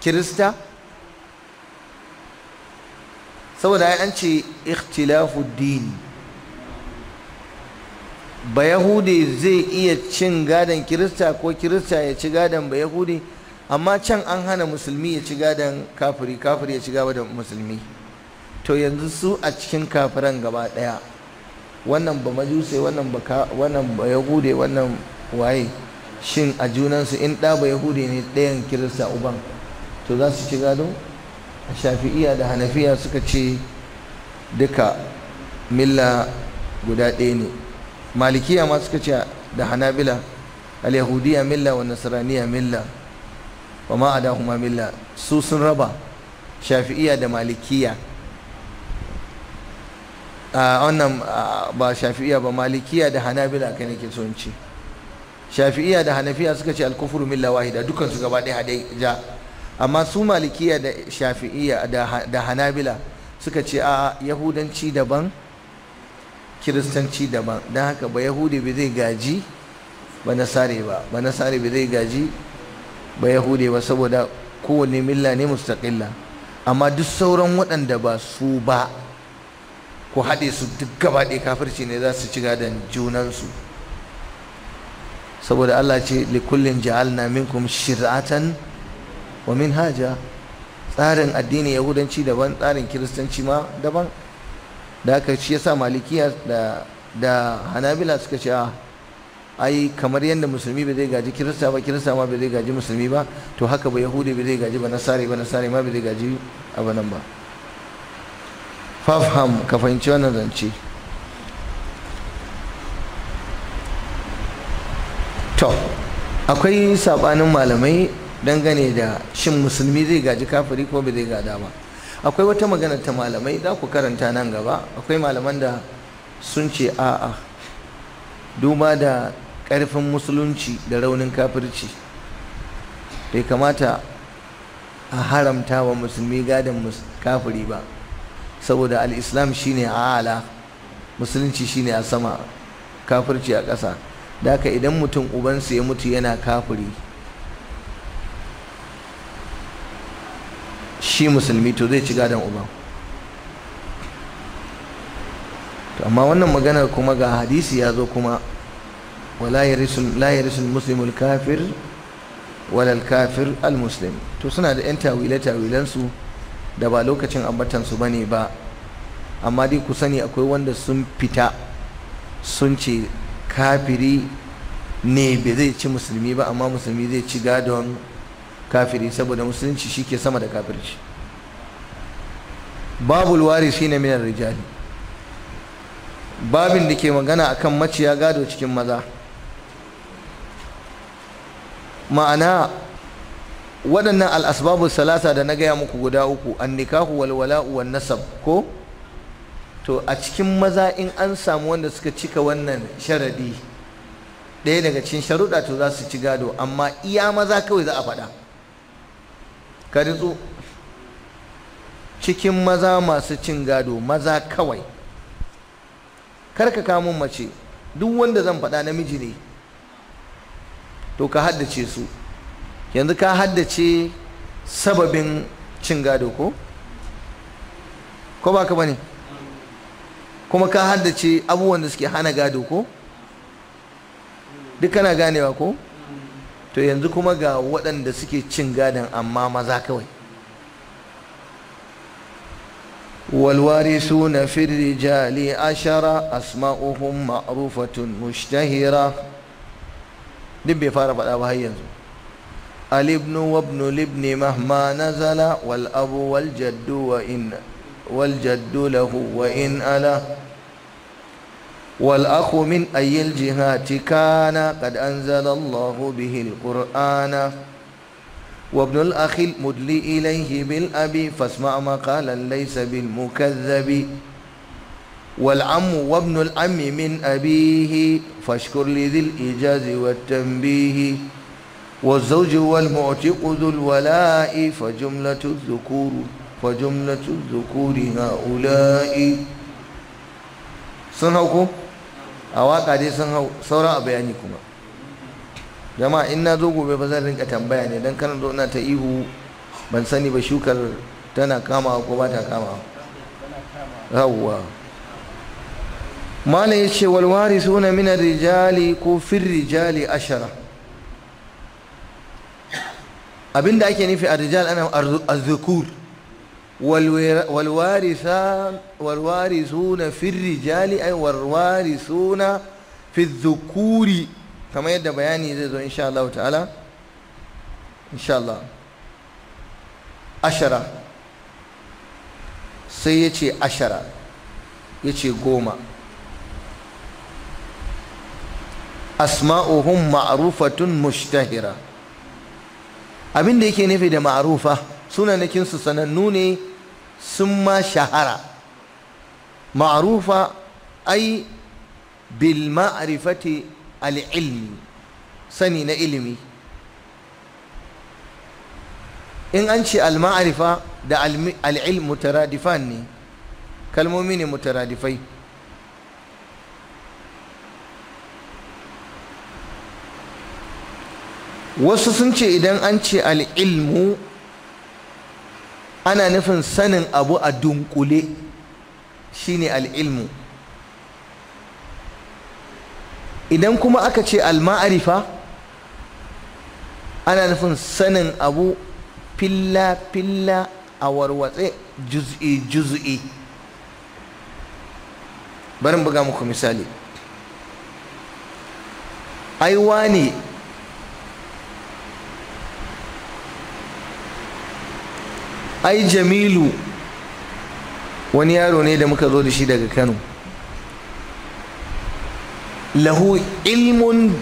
kirista saboda ai an ce ikhtilafu din ba yahudi zai iya cin gadon kirista ko kirista ya ci gadon ba yahudi amma can an hana musulmi ya ci gadon kafiri kafiri ya ci da musulmi to yanzu su a cikin kafiran gaba daya wannan ba majuse wannan ba wannan ba yahude wannan waye shin a junansu in da ba yahude ne ɗayan kirista uban to za su ci gado a shafi'iya da hanafiya suka ce duka milla guda ɗaya ne malikiya ma suka ce da hanabila al milla wa nasraniya milla wa ma adahuma milla su sun raba shafi'iya da malikiya wannan ba shafi'iya ba malikiya da hanabila kai nake so in ce shafi'iya da hanafiya suka ce alkufuru milla wahida dukkan su gaba ɗaya haɗe ja amma su malikiya da shafi'iya da hanabila suka ce a yahudanci daban kiristanci daban don haka ba yahudi bai zai gaji ba nasare ba ba nasare bai zai gaji ba yahudi ba saboda kowane milla ne mustaqilla amma duk sauran waɗanda ba su ba ku haɗe su duk gaba ɗaya kafirci ne za su ci gadon junansu saboda Allah ce likullin ja'alna minkum shir'atan wa minhaja tsarin addini yahudanci daban tsarin kiristanci ma daban da aka yasa malikiya da da hanabila suka ce a ah, ai kamar yadda musulmi ba zai gaji kirista ba kirista ma ba zai gaji musulmi ba to haka ba yahudi ba zai gaji ba nasare ba nasare ma ba zai gaji abanan ba fafham ka fahimci wannan zance to akwai sabanin malamai dangane da shin musulmi zai gaji kafiri ko bai zai gada ba akwai wata magana ta malamai za ku karanta nan gaba akwai malaman da sun ce a'a duba da ƙarfin musulunci da raunin kafirci bai kamata a haramta wa musulmi gadon kafiri ba saboda Al'islam shi ne a ala musulunci shi ne a sama kafirci a ƙasa da haka idan mutum ubansa ya mutu yana kafiri shi musulmi to zai ci gadon uban to amma wannan maganar kuma ga hadisi ya zo kuma wala yarisul muslimul kafir walal kafir al muslim to suna da yan tawile tawilansu da ba lokacin ambatansu ba ne ba amma dai ku sani akwai wanda sun fita sun ce kafiri ne bai zai ci musulmi ba amma musulmi zai ci gadon kafiri saboda musulunci shi ke sama da kafirci babul warisi na minar rijali babin da ke magana akan maciya gado cikin maza ma'ana waɗannan al'asbabu salasa da na gaya muku guda uku an nikahu walwala uwan nasab ko to a cikin maza in an samu wanda suka cika wannan sharadi ɗaya daga cikin sharuɗa to za su ci gado amma iya maza kawai za a faɗa ka ritsu cikin maza masu cin gado maza kawai karka kamun mace duk wanda zan faɗa namiji ne to ka haddace su yanzu ka haddace sababin cin gado ko ko ba bane kuma ka haddace abubuwan da suke hana gado ko duk kana ganewa ko to yanzu kuma ga waɗanda suke cin gadon amma maza kawai Walwari, والوارثون في الرجال عشرة أسماؤهم معروفة مشتهرة faɗa ba har yanzu. الابن وابن الابن مهما نزل والأب والجد وإن والجد له وإن أله والأخ من أي الجهات كان قد أنزل الله به القرآن وابن الأخ المدلي إليه بالأب فاسمع مقالا ليس بالمكذب والعم وابن العم من أبيه فاشكر لذي الإيجاز والتنبيه والزوج هو المعتق ذو الولاء فجملة الذكور فجملة الذكور هؤلاء sun hau a waka dai sun hau sauran a bayani kuma jama'a in na zo gobe ba zan rinka tambaya ne dan kana zo ina ta ihu ban sani ba shukar tana kama ko ba ta kama yawwa mala yace wal warisuna min ar-rijali ko fir rijali ashara abinda ake nufi a rijal ana walwari suna fi rijali ai walwarisuna fi zukuri kamar yadda bayani zai zo insha Allah ta'ala insha Allah ashara sai ya ce ashara ya ce goma asma'uhum ma'rufatun mushtahira abin da yake nufi da ma'arufa sunanakinsu sanannu ne sun ma shahara ma'arufa ai bil ma'rifati al'ilmi sani na ilimi in an ce al-ma'arifa da al-ilm mutaradifan ne kalmomi ne mutaradifai wasu sun ce idan an ce al'ilmu ana nufin sanin abu a dunkule shine al'ilmu idan kuma aka ce al-ma'arifa ana nufin sanin abu filla-filla a warwatse juz'i-juz'i barin buga muku misali aiwa ne. ai jamilu wani yaro ne da muka zo da shi daga kano lahu ilmun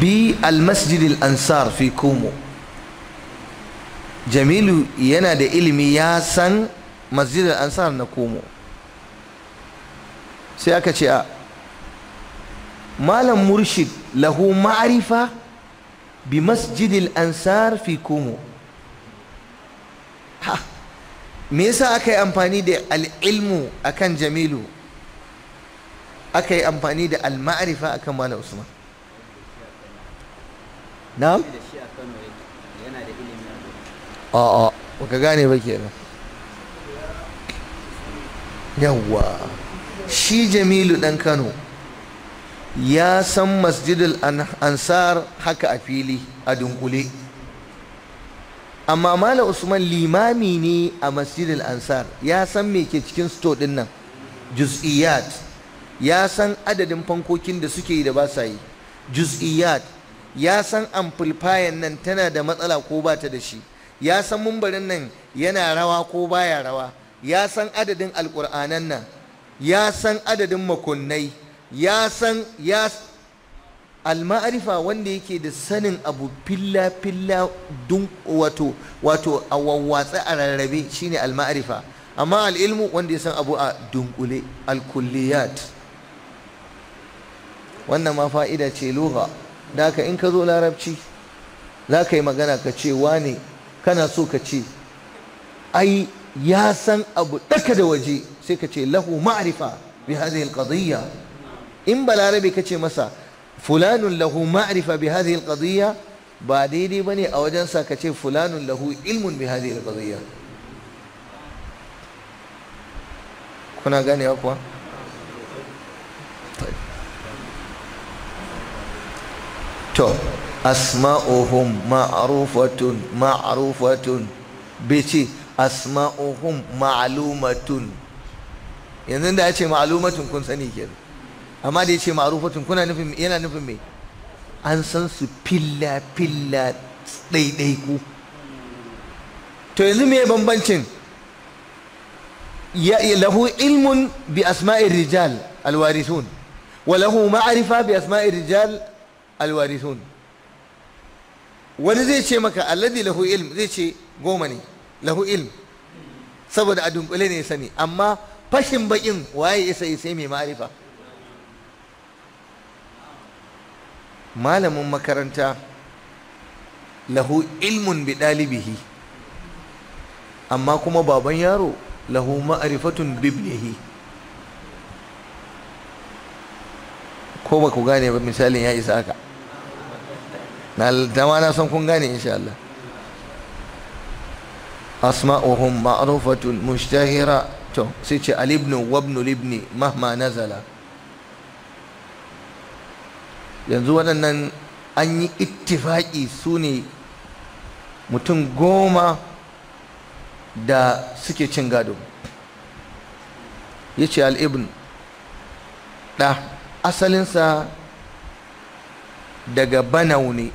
bi almasjid al-ansar fi komo jamilu yana da ilimi ya san masjid al-ansar na komo sai aka ce a malam murshid lahu ma'arifa bi masjid al-ansar fi komo ha me yasa aka yi amfani da al'ilmu akan jamilu aka yi amfani da al-ma'rifa akan mala usman na'am a'a baka gane ba kenan yawwa shi jamilu dan kano ya san masjidul ansar haka a fili a dunkule amma mala usman limami ne a masjidil ansar ya san me ke cikin sto din nan juz'iyat ya san adadin fankokin da suke yi da ba sa yi juz'iyat ya san amplifier nan tana da matsala ko ba ta da shi ya san mumbarin nan yana rawa ko baya rawa ya san adadin alkur'anan nan ya san adadin makunnai ya san alma'arifa wanda yake da sanin abu filla filla dun wato wato a wawwatsa a rarrabe shine alma'arifa amma al'ilmu wanda ya san abu a dunkule alkulliyat wannan ma fa'ida ce lugha da haka in ka zo larabci za ka yi magana ka ce wane kana so ka ce ai ya san abu daka da waje sai ka ce lahu ma'arifa bi hadhihi alqadiyya in balarabe ka ce masa fulanun lahu ma'arifa bi hadhihi alqadiyya ba daidai bane a wajen sa ka ce fulanun lahu ilmun bi hadhihi alqadiyya kuna ganewa kuwa to asma'uhum ma'rufatun ma'rufatun bai ce asma'uhum ma'lumatun yanzu da ya ce ma'lumatun kun sani amma da ya ce ma'arufatun kuna nufin yana nufin me an san su filla filla ku. to yanzu me bambancin lahu ilmun bi asma'ir rijal alwarithun wa lahu ma'arifa bi asma'ir rijal alwarithun wani zai ce maka alladhi lahu ilm zai ce goma ne lahu ilm saboda a dunkule ne sani amma fashin bakin waye isa sai mai ma'arifa malamin makaranta lahu ilmun bi dalibihi amma kuma baban yaro lahu ma'arifatun bibnihi ko ba ku gane ba misalin ya isa haka na dama na san kun gane insha Allah asma'uhum ma'rufatun mushtahira to sai ce alibnu wabnu libni mahma nazala yanzu waɗannan an yi ittifaƙi su ne mutum goma da suke cin gado ya ce al'ibn ɗa asalinsa daga banau ne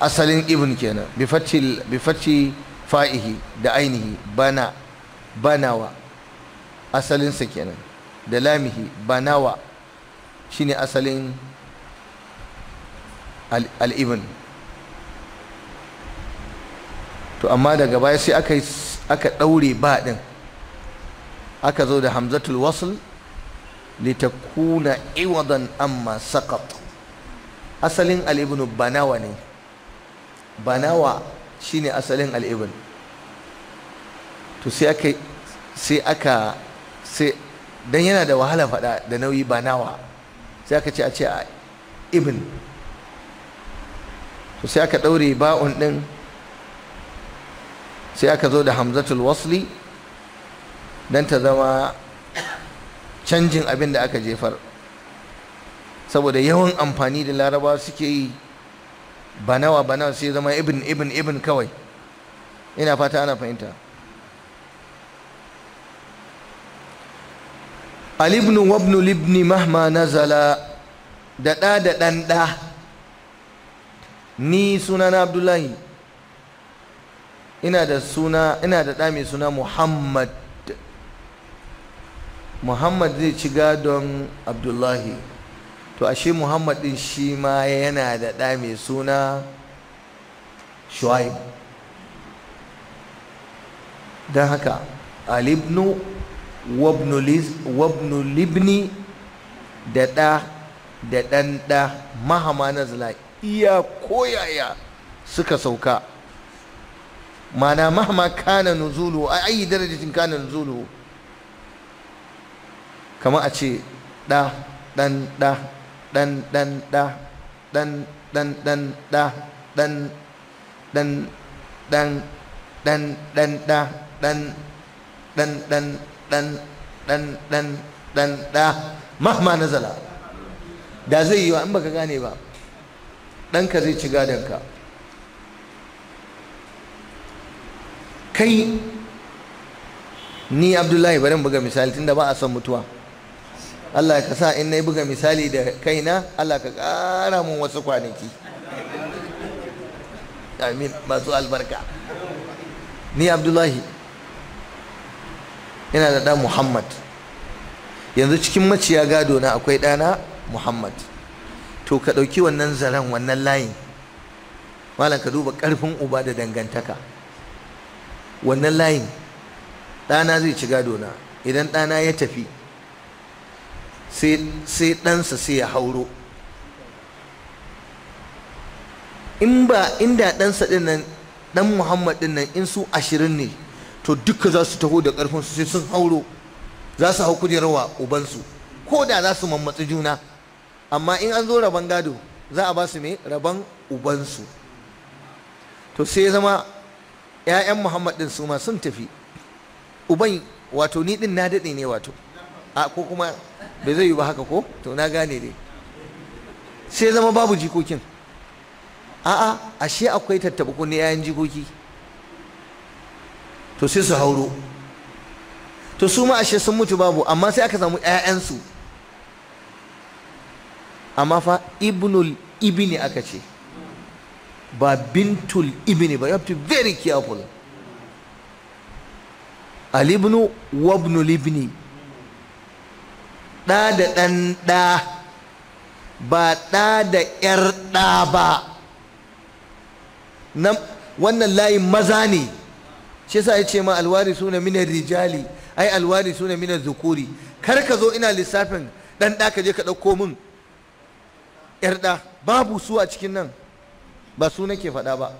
asalin ibn kenan bifacci fa'ihi da ainihi bana banawa asalinsa kenan da lamihi banawa shine asalin al'ibin to amma daga baya sai aka aka daure ba din aka zo da hamzatul wasl litakuna iwadan amma saqat asalin al'ibnu banawa ne banawa shine asalin al'ibin to sai aka sai aka sai dan yana da wahala fada da nauyi banawa sai aka ce a ce a ibn to sai aka ɗaure ba'un ɗin sai aka zo da hamzatul wasli don ta zama canjin abin da aka jefar saboda yawan amfani da laraba suke yi banawa banawa sai zama ibn ibn ibn kawai ina fata ana fahimta alibnu wabnu libni mahma nazala da ɗa da ɗan ɗa ni sunana abdullahi ina da suna ina da ɗa mai suna muhammad muhammad zai ci gadon abdullahi to ashe muhammad ɗin shi ma yana da ɗa mai suna shuaib don haka alibnu wabnu libni da ɗa da ɗan ɗa mahama zila iya koyaya suka sauka mana mahama kana nuzulu a ayi darajatin kana nuzulu kama a ce ɗa ɗan ɗa ɗan ɗan ɗa ɗan ɗan ɗan ɗa ɗan ɗan ɗan ɗan ɗan ɗan ɗan ɗan dan dan dan dan da mahma nazala da zai yi wa in baka gane ba ɗanka zai ci gadonka kai ni abdullahi bari buga misali tunda ba a son mutuwa Allah ka sa in na buga misali da kaina Allah ka ƙara mun wasu kwanaki amin masu albarka ni abdullahi yana da ɗan muhammad yanzu cikin maciya gado na akwai ɗana muhammad to ka ɗauki wannan zaren wannan layin malam ka duba ƙarfin uba da dangantaka wannan layin ɗana zai ci gado na idan ɗana ya tafi sai ɗansa sai ya hauro in ba inda ɗansa ɗin nan ɗan muhammad ɗin nan in su ashirin ne to duka za su taho da ƙarfinsu su sai sun hauro za su hau wa ubansu ko da za su mammatsi juna amma in an zo rabon gado za a ba su me rabon ubansu to sai ya zama 'ya'yan muhammad din su ma sun tafi uban wato ni din na daɗe ne wato a ko kuma bai zai yi ba haka ko to na gane dai sai ya zama babu jikokin a'a ashe akwai tattaɓa kunne 'ya'yan jikoki to sai su hauro to su ma ashe sun mutu babu amma sai aka samu ƴaƴansu amma fa ibnul ibni aka ce ba bintul ibni ba you have to be very careful wa ibnul ibni ɗa da ɗan ɗa ba ɗa da ƴar ɗa ba wannan layin maza ne shi yasa yace ma alwari suna min rijali ai alwari suna min zukuri kar ka zo ina lissafin dan da ka je ka dauko min yar da babu su a cikin nan ba su nake faɗa ba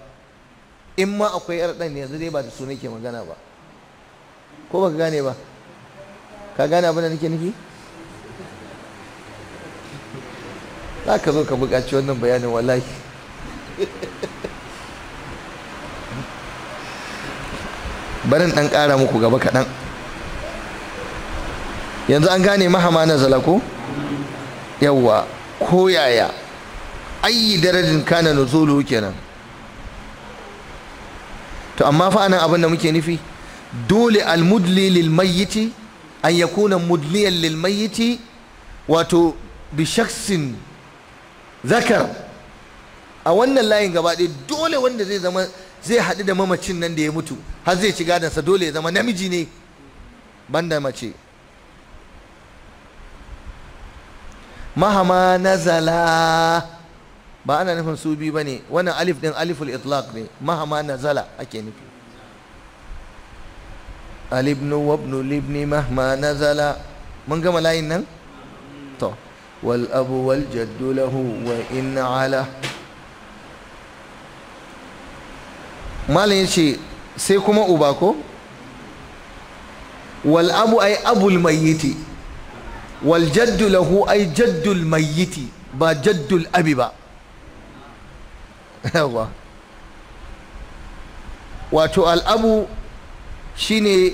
in ma akwai yar dan yanzu dai ba da su nake magana ba ko baka gane ba ka gane abin da nake nufi za ka zo ka buƙaci wannan bayanin wallahi barin ɗan ƙara muku gaba kaɗan yanzu an gane mahama na zalako ko yawwa ko yaya ayi darajin kana nuzulu kenan to amma fa anan abin da muke nufi dole almudli lil mayyiti an yakuna mudliyan lil mayyiti wato bi shaksin zakar a wannan layin gaba dole wanda zai zama zai haɗu da mamacin nan da ya mutu har zai ci gadansa dole ya zama namiji ne banda mace mahama nazala ba ana nufin su biyu ba ne wannan alif ɗin aliful itlaq ne mahama nazala ake nufi alibnu wabnu libni mahama nazala mun gama layin nan to wal abu wal jaddu lahu wa in ala malin ce sai kuma uba ko wal abu ay abul mayyiti wal jaddu lahu ay jaddul mayyiti ba jaddul abi ba yawa wato al abu shine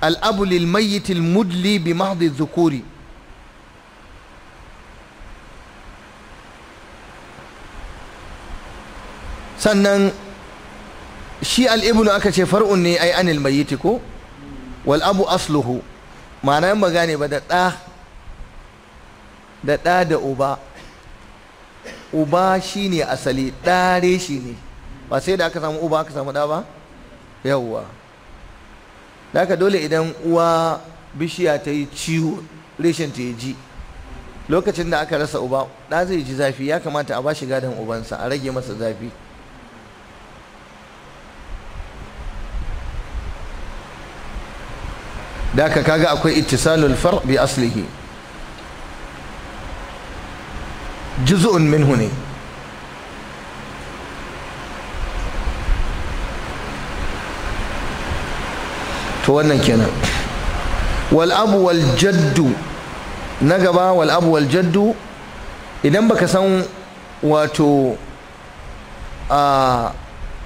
al abu lil mayyit al mudli bi mahdi dhukuri sannan shi al'ibnu aka ce far'un ne ai anil mayiti ko wal abu asluhu ma'ana yamma magane ba da ɗa da ɗa da uba uba shi ne asali ɗare shi ne ba sai da aka samu uba aka samu ɗa ba yawwa da aka dole idan uwa bishiya ta yi ciwo reshen ta ji lokacin da aka rasa uba ɗa zai ji zafi ya kamata a ba shi gadon ubansa a rage masa zafi da ka kaga akwai ittisalul far bi aslihi juz'un minhu ne to wannan kenan wal abu wal jaddu na gaba wal abu wal jaddu idan baka san wato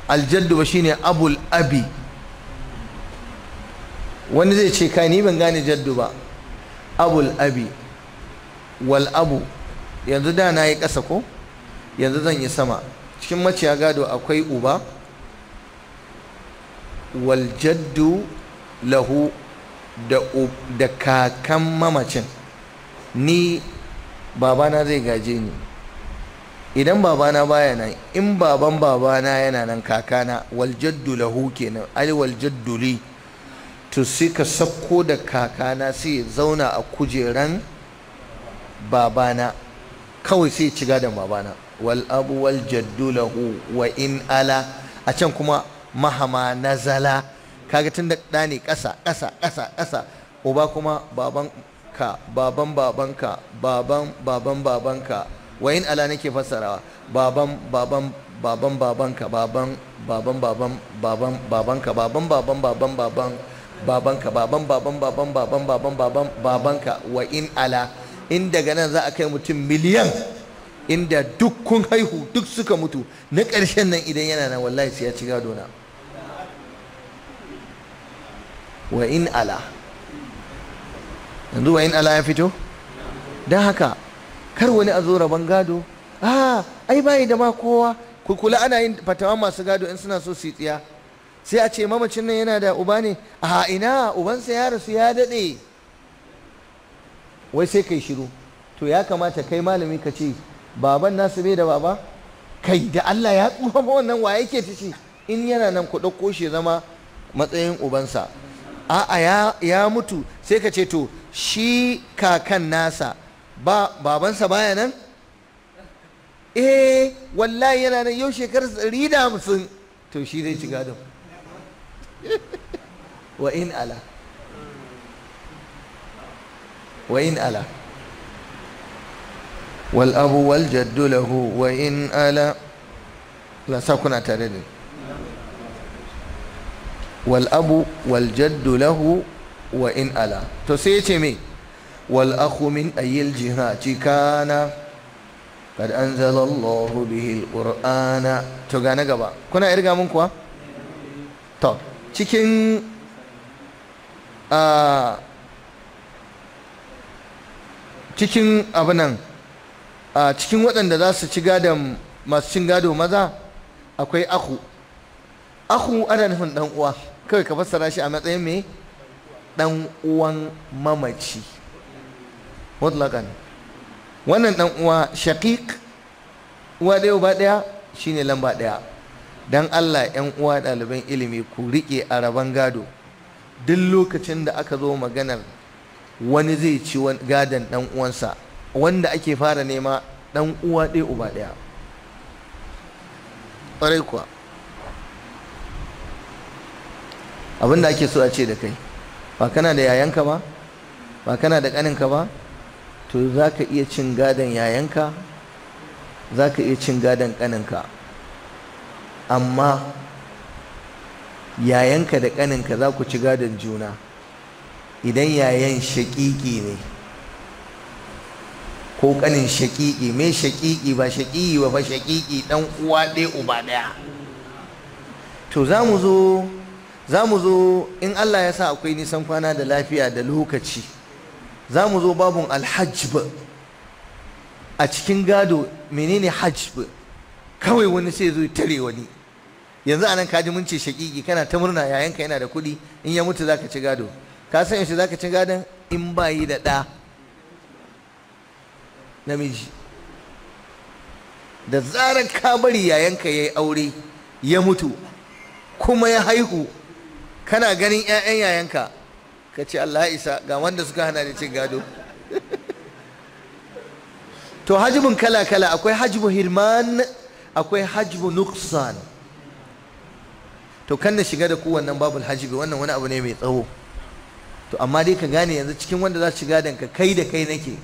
aljaddu ba shine abul abi wani zai ce kai ni ban gane jaddu ba abul abi wal abu yanzu da na yi ƙasa ko yanzu zan yi sama cikin maciya gado akwai uba wal jaddu lahu da, da kakan mamacin ni babana zai gaje ni idan babana baya nan in baban babana yana nan kakana wal jaddu lahu kenan ai wal jaddu to sai ka sakko da kakana sai ya zauna a kujeran babana kawai sai ya ci gadon babana wal abu wal jaddu lahu wa in ala a can kuma mahama nazala kaga tun da ɗani ƙasa ƙasa ƙasa ƙasa uba kuma baban ka baban babanka baban baban babanka wa in ala nake fassarawa baban baban baban babanka baban baban baban baban babanka baban baban baban baban babanka baban baban baban baban baban baban babanka wa in ala in daga nan za a kai mutum miliyan inda duk kun haihu duk suka mutu na ƙarshen nan idan yana nan wallahi sai ya ci gado na wa in ala yanzu wa in ala ya fito don haka kar wani a zo rabon gado ah ai bayi da ma kowa ku kula ana yin fatawa masu gado in suna so su yi tsiya sai a ce mamacin nan yana da uba ne a ina ubansa ya rasu ya daɗe wai sai kai shiru to ya kamata kai malami ka ce baban nasu bai da baba kai da Allah ya tsufa wannan wa yake ta ce in yana nan ku ɗauko shi zama matsayin ubansa a'a ya, mutu sai ka ce to shi kakan nasa ba babansa baya nan eh wallahi yana nan yau shekarar 150 to shi zai ci gadon wa in ala wa in ala wal abu lahu wa in ala la sa kuna tare da wal abu wa in ala to sai ya ce me wal akhu min ayyil jihati kana قد أنزل الله به القرآن تغانا غبا كنا إرغامون كوا طب cikin ah, cikin nan a ah, cikin waɗanda za su ci gadon masu cin gado maza akwai aku aku ana nufin ɗan uwa kawai ka fassara shi a matsayin mai ɗan uwan mamaci mutlaƙan wannan ɗan uwa shakik uwa ɗaya uba ɗaya shine lamba ɗaya don Allah 'yan uwa ɗaliban ilimi ku riƙe a rabon gado duk lokacin da aka zo maganar wani zai ci gadon ɗan uwansa wanda ake fara nema ɗan uwa ɗaya uba ɗaya ƙwarai kuwa abinda ake so a ce da kai ba kana da yayanka ba ba kana da ƙaninka ba to za ka iya cin gadon yayanka za ka iya cin gadon ƙaninka amma yayanka da ƙaninka za ku ci gadon juna idan yayan shaƙiƙi ne ko ƙanin shaƙiƙi mai shaƙiƙi ba shaƙiƙi ba ba shaƙiƙi ɗan uwa ɗaya uba ɗaya to za mu zo za mu zo in Allah ya sa akwai nisan kwana da lafiya da lokaci za mu zo babun alhajb a cikin gado menene hajb kawai wani sai zo tare wani yanzu anan ka ji mun ce shaƙiƙi kana ta murna yayanka yana da kuɗi in ya mutu zaka ci gado ka san yaushe zaka ci gadon in ba yi da ɗa namiji da zarar ka bari yayanka ya yi aure ya mutu kuma ya haihu kana ganin 'ya'yan yayanka ka ce Allah isa ga wanda suka hana da cin gado to hajibin kala-kala akwai hajibu hirman akwai hajibu nuksan to kan na shiga da ku wannan babul hajibi wannan wani abu ne mai tsawo to amma dai ka gane yanzu cikin wanda za su shiga ka kai da kai nake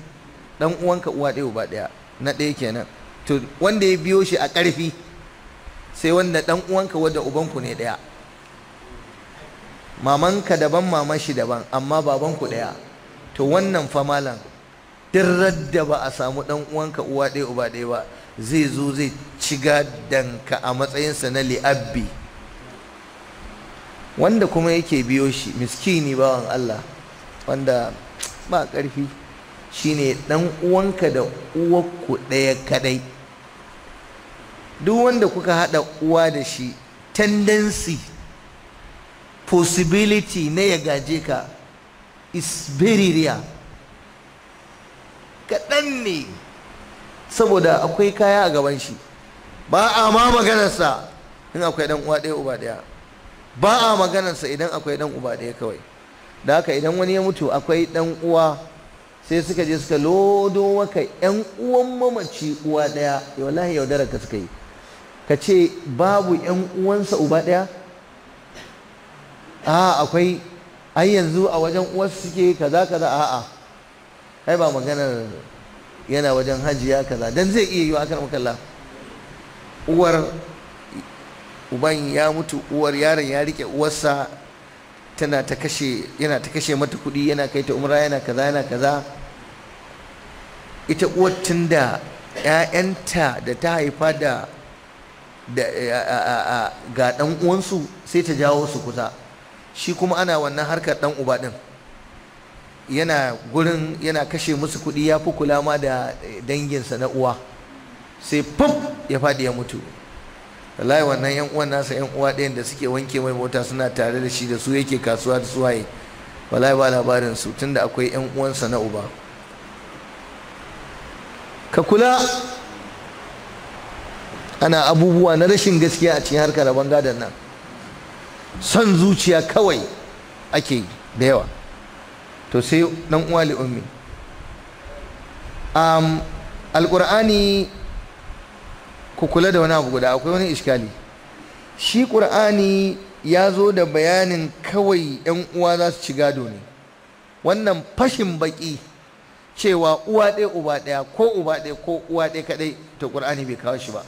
dan uwanka uwa ɗaya uba ɗaya na ɗaya kenan to wanda ya biyo shi a ƙarfi sai wanda dan uwanka wanda ubanku ne ɗaya mamanka daban maman shi daban amma babanku ɗaya to wannan fa malam duk radda ba a samu dan uwanka uwa ɗaya uba ɗaya ba zai zo zai ciga ka a matsayinsa na li'abbi wanda kuma yake biyo shi miskini bawan Allah wanda ba ƙarfi shine dan uwanka da uwarku ɗaya kadai duk wanda kuka haɗa uwa da shi tendency possibility na ya gaje ka is very rare kaɗan ne saboda akwai kaya a gaban shi ba a ma maganarsa in akwai ɗan uwa ɗaya uba ɗaya ba a maganarsa idan akwai dan uba ɗaya kawai da haka idan wani ya mutu akwai dan uwa sai suka je suka lodo maka yan uwan mamaci uwa ɗaya eh, wallahi yaudarar ka suka yi ka ce babu yan uwansa uba ɗaya a akwai ai yanzu a wajen uwarsu suke kaza kaza a kai ba maganar yana wajen hajiya kaza dan zai iya wa akan makalla uwar uban ya mutu uwar yaron ya rike uwarsa tana ta kashe yana ta kashe mata kuɗi yana kai ta umra yana kaza yana kaza ita uwar tunda ƴaƴanta da ta haifa da ga dan uwansu sai ta jawo su kusa shi kuma ana wannan harkar dan uba ɗin yana gurin yana kashe musu kuɗi ya fi kula ma da danginsa na uwa sai fuf ya faɗi ya mutu wallahi wannan yan uwan nasa yan uwa ɗayan da suke wanke mai mota suna tare da shi da su yake kasuwa da su waye wallahi ba labarin su tunda akwai yan uwansa na uba ka kula ana abubuwa na rashin gaskiya a cikin harkar rabon gadon nan son zuciya kawai ake yi da yawa to sai dan uwa li ummi alqur'ani ku kula da wani abu guda akwai wani iskali shi ƙur'ani ya zo da bayanin kawai 'yan uwa za su ci gado ne wannan fashin baƙi cewa uwa ɗaya uba ɗaya ko uba ɗaya ko uwa ɗaya kaɗai to ƙur'ani bai kawo shi ba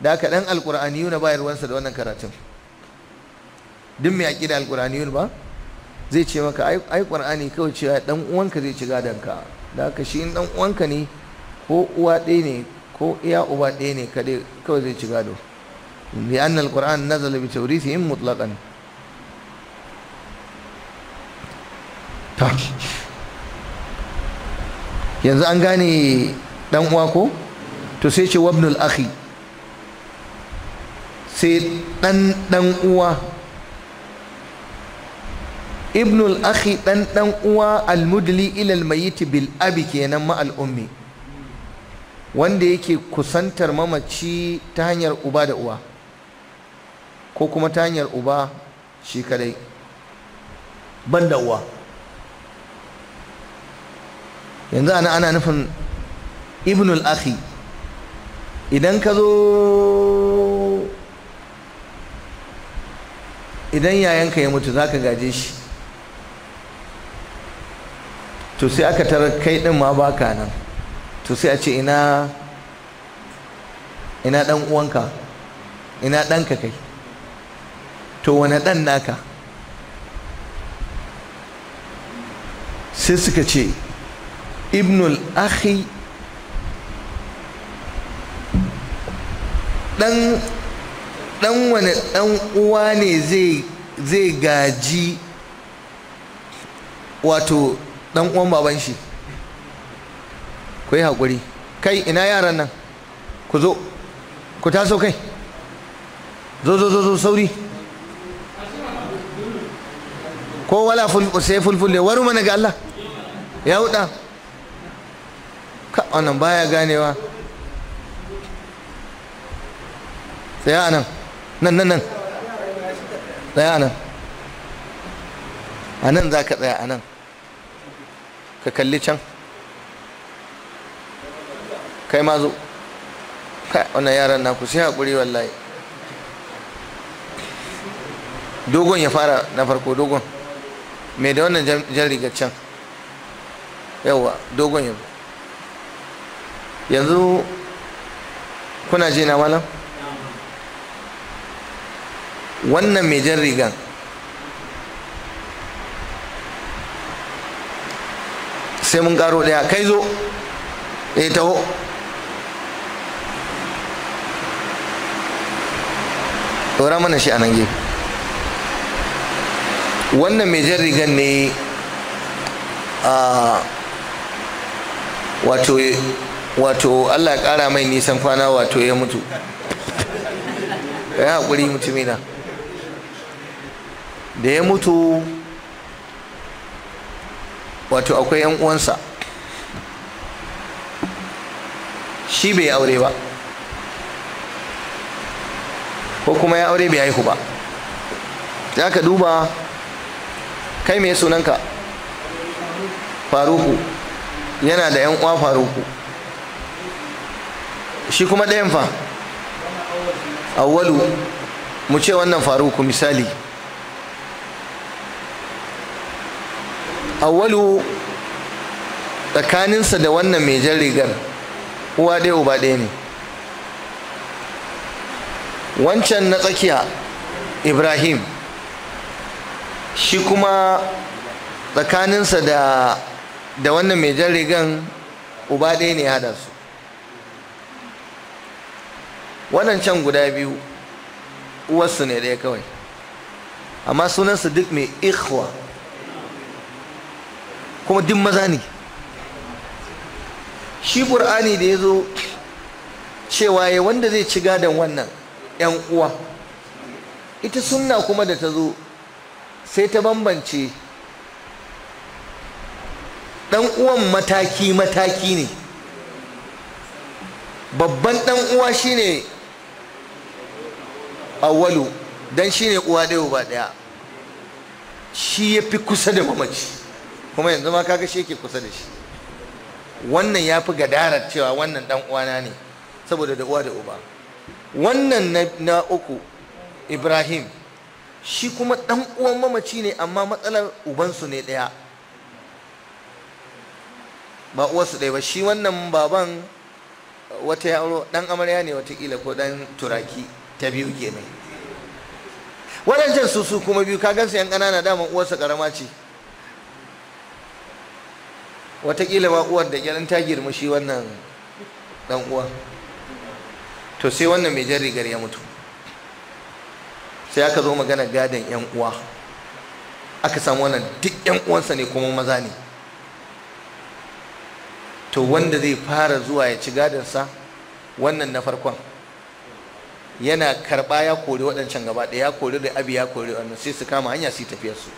da haka ɗan alƙur'aniyun ba ruwansa da wannan karatun duk mai aƙida alƙur'aniyun ba zai ce maka ai ƙur'ani kawai cewa ɗan uwanka zai ci gadonka da haka shi ɗan uwanka ne ko uwa ɗaya ne ko iya uba ɗaya ne kaɗai kawai zai ci gado li'anna alquran nazala bi tawrithihim mutlaqan ta yanzu an gane dan uwa ko to sai ce wabnul akhi sai dan dan uwa ibnul akhi dan dan uwa mudli ila almayyit bil abi kenan ma al ummi wanda yake kusantar mamaci ta hanyar uba da uwa ko kuma ta hanyar uba shi kadai ban da uwa yanzu ana ana nufin ibnul akhi idan ka zo idan yayanka ya mutu zaka gaje shi to sai aka tarar kai ɗin ma baka nan to sai a ce ina ina dan uwanka ina ɗanka kai to wane dan naka sai suka ce ibnul akhi dan dan wane dan uwa ne zai gaji wato dan uwan baban shi ku yi haƙuri kai ina yaran nan ku zo ku taso kai zo zo zo sauri ko wala sai ful ne waru mana ga Allah ya huda ka wannan baya ganewa tsaya nan nan nan nan tsaya nan a nan za ka tsaya a nan ka kalli can kai ma zo wannan yaran naku sai haƙuri wallahi dogon ya fara na farko dogon mai da wannan jan rigar can yawa dogon yanzu yanzu kuna je na malam wannan mai jan rigan sai mun karo daya kai zo eh taho ɗora mana shi a nan gefe wannan mai jan rigan ne a wato wato allah ya ƙara mai nisan kwana wato ya mutu ya haƙuri mutumina da ya mutu wato akwai 'yan uwansa shi bai aure ba ko kuma ya aure bai haihu ba za ka duba kai mai sunanka faruku yana da 'yan uwa faruku shi kuma ɗayan fa awwalu mu ce wannan faruku misali awwalu tsakaninsa da wannan mai jan rigar uwa ɗaya uba ɗaya ne wancan na tsakiya ibrahim shi kuma tsakaninsa da da wannan mai jan rigan uba ɗaya ne hada su wannan can guda biyu uwarsu ne ɗaya kawai amma sunansu duk mai ikhwa kuma duk maza ne shi ƙur'ani da ya zo cewa ya wanda zai ci gadon wannan 'yan uwa ita sunna kuma da ta zo sai ta bambance ɗan uwan mataki-mataki ne babban ɗan uwa shine awalu don shine uwa ɗaya ba ɗaya shi ya fi kusa da mamaci kuma yanzu ma kaga shi yake kusa da shi wannan ya fi gadarar cewa wannan ɗan uwana ne saboda da uwa da uba wannan na uku ibrahim shi kuma ɗan uwan mamaci ne amma matsalar ubansu ne ɗaya ba uwarsu ɗaya ba shi wannan baban wata yaro ɗan amarya ne watakila ko ɗan turaki ta biyu ke mai wadancan su su kuma biyu su yan ƙanana daman uwarsa ƙarama ce watakila ba uwar da gyaran ta girma shi wannan ɗan uwan to sai wannan mai jan rigar ya mutu sai aka zo magana gadon yan uwa aka samu wannan duk yan uwansa ne kuma maza ne to wanda zai fara zuwa ya ci gadonsa wannan na farkon yana karba ya kori waɗancan gaba ɗaya ya kori da abi ya kori wannan sai su kama hanya su tafiyar su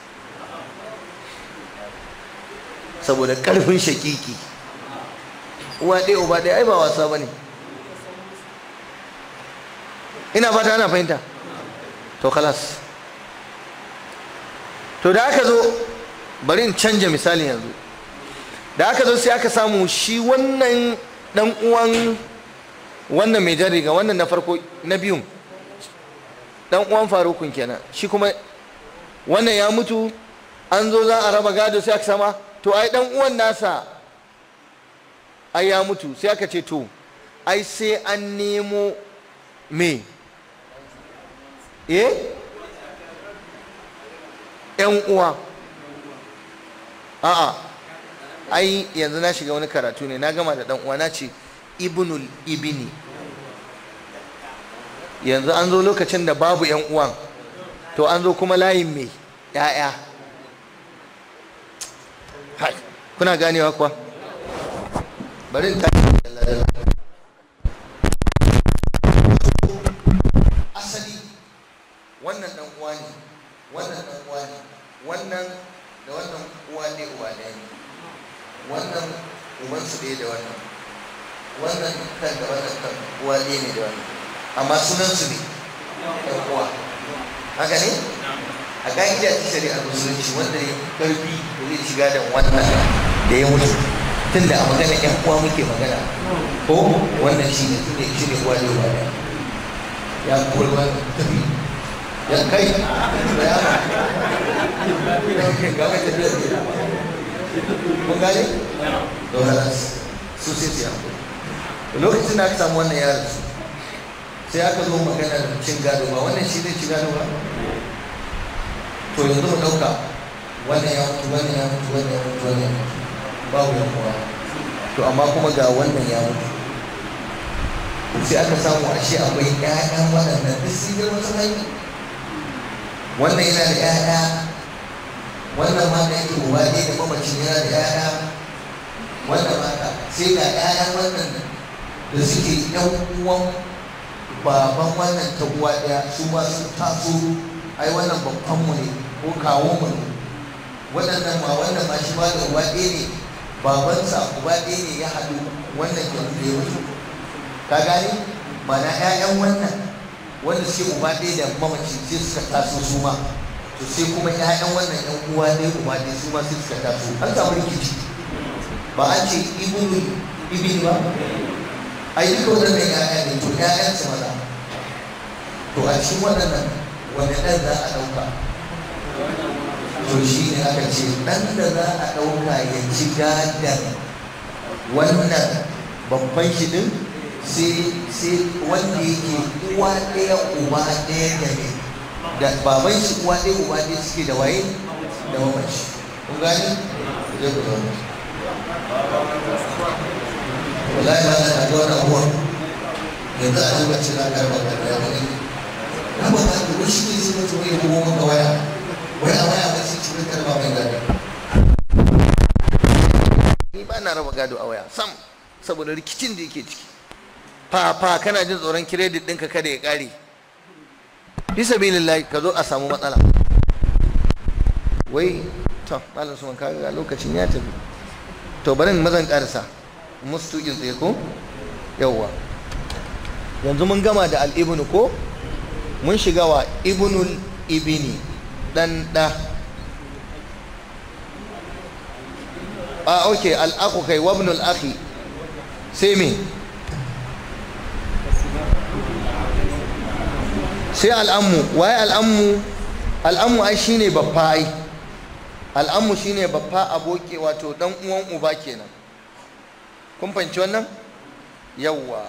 saboda ƙarfin shakiki uwa ɗaya uba ɗaya ai ba wasa bane ne ina fata ana fahimta to kalas to da aka zo bari in canja misali yanzu da aka zo sai aka samu shi wannan dan uwan wannan mai jan riga wannan na farko na biyun dan uwan farukun kenan shi kuma wannan ya mutu an zo za a raba gado sai aka sama to ai dan uwan nasa ai ya mutu sai aka ce to ai sai an nemo me eh yan uwa a'a ai yanzu na shiga wani karatu ne na gama da dan uwa na ce ibnul ibni yanzu an zo lokacin da babu yan uwan to an zo kuma layin mai ya'ya kuna ganewa kuwa bari ta da ya mutu da a magana yan uwa muke magana ko wannan shi ne tunda shi ne uwa ne ba ya kurma tafi ya kai da ya ga biyar tafiya kun gane da wani su sai su yankuri lokacin da aka samu wannan yaron su sai aka zo magana cin gado ba wannan shi ne cin gado ba to yanzu mu ɗauka wannan ya mutu wannan ya mutu wannan ya mutu wannan ya mutu babu yankuwa to amma kuma ga wannan ya mutu sai aka samu ashe akwai ƴaƴan waɗannan duk sun yi sun haihu wannan yana da ƴaƴa wannan ma da yake uba ne da mamacin yana da ƴaƴa wannan ma sai ga ƴaƴan wannan da suke ƴan uwan baban wannan ta uwa ɗaya su ma su taso ai wannan babban mu ne ko kawo mu ne waɗannan ma wannan ma shi ba da uwa ɗaya ne babansa uba ɗaya ne ya haɗu wannan yanzu da ya mutu ka gane na 'ya'yan wannan wanda sai uba ɗaya da mamaci sai suka taso su ma to sai kuma 'ya'yan wannan 'yan uwa ɗaya uba ɗaya su ma sai suka taso an samu rikici ba an ce ibnu ibn ba a yi duka waɗannan 'ya'ya ne to su maza to a cikin waɗannan wanda ɗan za a ɗauka to shi ne aka ce dan da za a ɗauka ya ci gadan wannan babban shi ɗin sai wanda yake uwa ɗaya uba ɗaya da ne da baban shi uwa ɗaya uba ɗaya suke da waye da shi kun gani zai ku zama wallahi ba za na ga wani abuwa yanzu a zuba cina karɓar da ya wani na ba ta ɗaya shi ne sai mutum ya kuma maka waya waya waya kar mai gado ni ba na raba gado a waya sam saboda rikicin da yake ciki fa fa kana jin tsoron kiredit ɗinka kada ya ƙare fi sabilillahi ka zo a samu matsala wai to malam su suman kaga lokacin ya tafi to bari mazan karsa mustukin tsaye ko yawwa yanzu mun gama da al'ibnu ko mun shiga wa ibnul ibini dan da a ah, ok al'aku kai wabnul aki sai me sai al'ammu waye al'ammu al'ammu ai shine baffa ai al'ammu shine baffa aboke wato dan uwan uba kenan kun fahimci wannan yawwa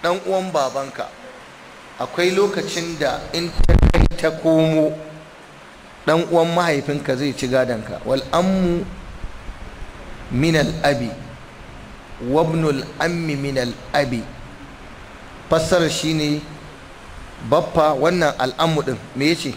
dan uwan babanka akwai lokacin da in ta kai ta komo dan uwan mahaifinka zai ci gadonka wal ammu min al abi wa al ammi min al abi fassarar shine baffa wannan ammu din me yace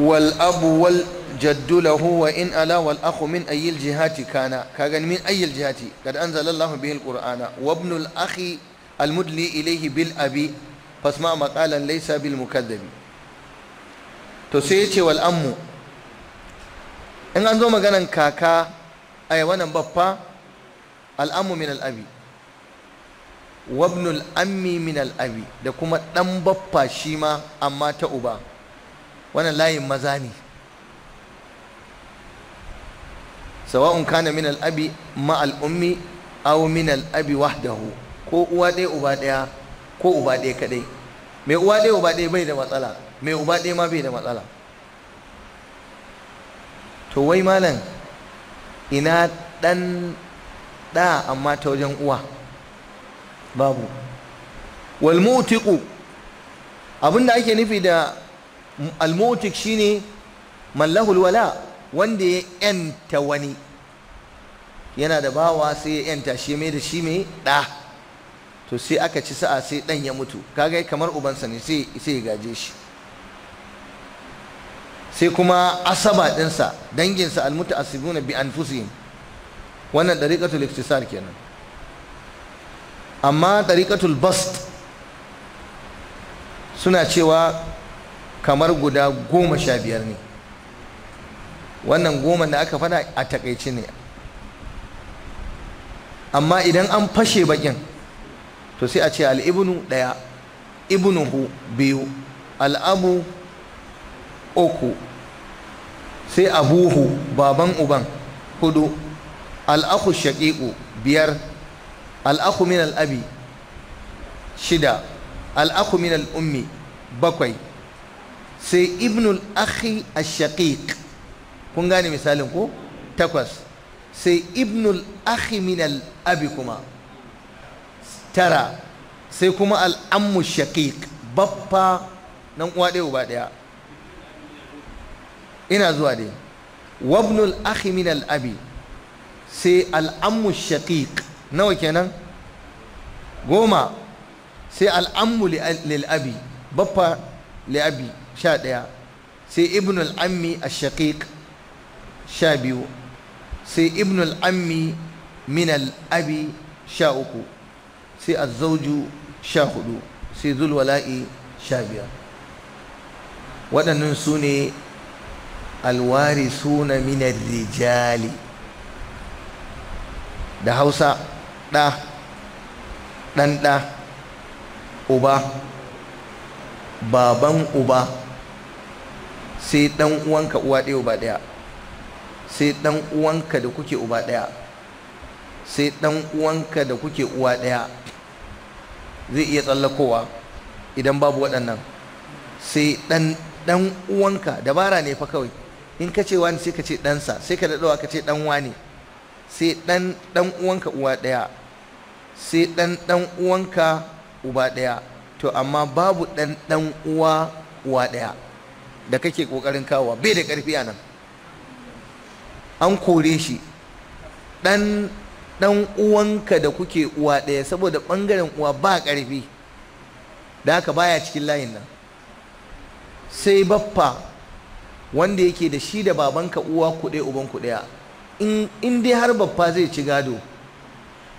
wal abu wal jaddu lahu wa in ala wal akhu min ayyil jihati kana ka gani min ayyil jihati kad anzalallahu bihi al qur'ana wa al akhi al mudli ilayhi bil abi fasma maqalan laysa bil mukaddabi to sai yace wal ammu in an zo maganan kaka ai wannan baffa al ammu min al abi wabnul ammi min abi da kuma ɗan baffa shi ma amma ta uba wannan layin maza ne sawa'un kana min al abi ma al'ummi ummi aw abi wahdahu ko uwa ɗaya uba ɗaya ko uba ɗaya kaɗai mai uwa ɗaya uba ɗaya bai da matsala mai uba ɗaya ma bai da matsala to wai malam ina ɗan ɗa amma ta wajen uwa babu walmutiku abinda ake nufi da almutik shine mallahul wala wanda ya yanta wani yana da bawa sai ya yanta shi mai da shi mai ɗa to sai aka ci sa'a sai dan ya mutu kaga kamar ubansa ne sai sai ya gaje shi sai kuma asaba dinsa danginsa almuta'assibuna bi anfusihim wannan dariqatul iktisar kenan amma dariqatul bast suna cewa kamar guda goma sha biyar ne wannan goma da aka fada a takaici ne amma idan an fashe bakin to sai a ce al'ibnu ɗaya ibnuhu biyu al'abu uku sai abuhu baban uban hudu al'aku shaƙiƙu biyar al'aku min al'abi shida al'aku min al'ummi bakwai sai ibnul akhi ash-shaqiq kun gane misalin ko takwas sai ibnul akhi min al'abi abi kuma tara sai kuma al'ammu shakik babba nan uwa ɗaya uba ɗaya ina zuwa dai wabnul akhi min al'abi sai al'ammu shaqiq nawa kenan goma sai al'ammu lil'abi babba lil'abi sha ɗaya sai ibnu al'ammi a shakik sha biyu sai ibnu al'ammi min al'abi sha uku sai azzauju sha hudu sai zulwala'i sha biyar waɗannan su ne alwari suna minar rijali da hausa ɗa ɗan ɗa uba baban uba sai ɗan uwanka uwa ɗaya uba ɗaya sai ɗan uwanka da kuke uba ɗaya sai dan uwanka da kuke uwa ɗaya zai iya tsallakowa idan babu waɗannan sai dan dan uwanka dabara ne fa kawai in ka ce wani sai ka ce ɗansa sai ka daɗawa ka ce ɗan wani sai ɗan uwanka uwa ɗaya sai ɗan ɗan uwanka uba ɗaya to amma babu ɗan ɗan uwa uwa ɗaya da kake ƙoƙarin kawowa bai da ƙarfi a nan an kore shi ɗan ɗan uwanka da kuke uwa ɗaya saboda ɓangaren uwa ba ƙarfi da haka baya cikin layin nan sai baffa wanda yake da shi da babanka uwa ku ɗaya uban ku ɗaya in dai har baffa zai ci gado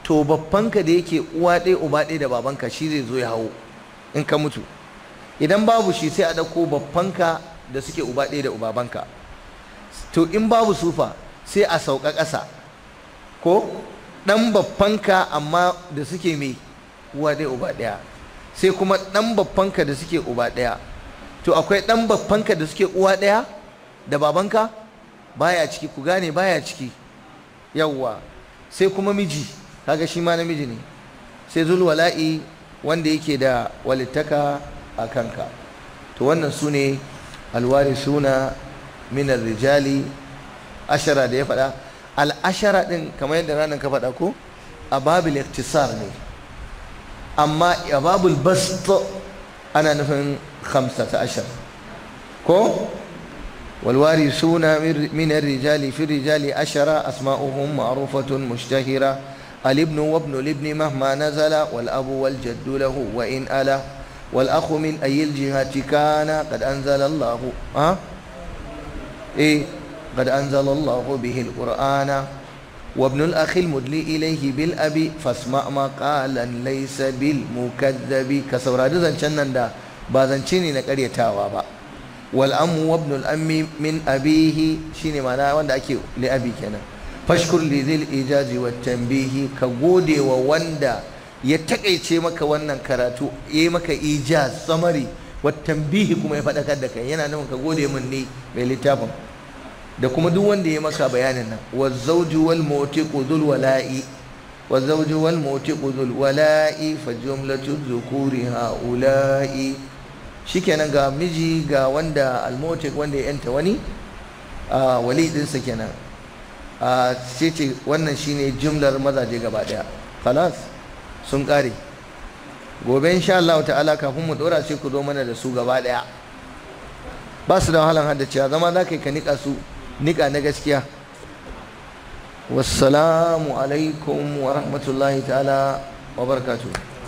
to baffanka da yake uwa ɗaya uba ɗaya da babanka shi zai zo ya hau in ka mutu idan babu shi sai a ɗauko baffanka da suke uba ɗaya da ubabanka to in babu sufa sai a sauka ƙasa ko ɗan ka amma da suke mai uwa ɗaya uba ɗaya sai kuma ɗan ka da suke uba ɗaya to akwai ɗan ka da suke uwa ɗaya da babanka baya ciki ku gane baya ciki yawwa sai kuma miji kaga shi ma namiji ne sai zulwala'i wanda yake da walittaka a kanka to wannan su ne alwarisuna min rijali ashara da ya faɗa الأشرة دين كما يدرانا كفتاكو أباب الاقتصار دي أما أباب البسط أنا نفهم خمسة عشر كو والوارثون من الرجال في الرجال أشرة أسماؤهم معروفة مشتهرة الابن وابن الابن مهما نزل والأب والجد له وإن ألا والأخ من أي الجهات كان قد أنزل الله ها إيه قد أنزل الله به القرآن وابن الأخ المدلي إليه بالأبي فاسمع مقالا ليس بالمكذب كسورة زنشنن دا بازنشيني نكري تاوابا والأم وابن الأم من أبيه شيني معناه وانا أكي لأبي كنا فاشكر لذي الإجاز والتنبيه كغودي وواندا يتقي مكا وانا كراتو يمكا إيجاز سمري والتنبيه كما يفتك دكا ينا نمكا غودي مني بلتابم da kuma duk wanda ya maka bayanin nan wa zawju wal mutiqu dhul wala'i wa zawju wal mutiqu dhul wala'i fa jumlatu dhukuri haula'i shikenan ga miji ga wanda al mutiq wanda ya yanta wani a wali dinsa kenan a ce wannan shine jumlar mazaje gaba daya khalas sun kare gobe insha Allah ta'ala kafin mu dora sai ku zo mana da su gaba daya ba su da halan haddace zama za ka yi ka nika su niƙa na gaskiya wassalamu alaikum wa rahmatullahi ta'ala wa barakatuh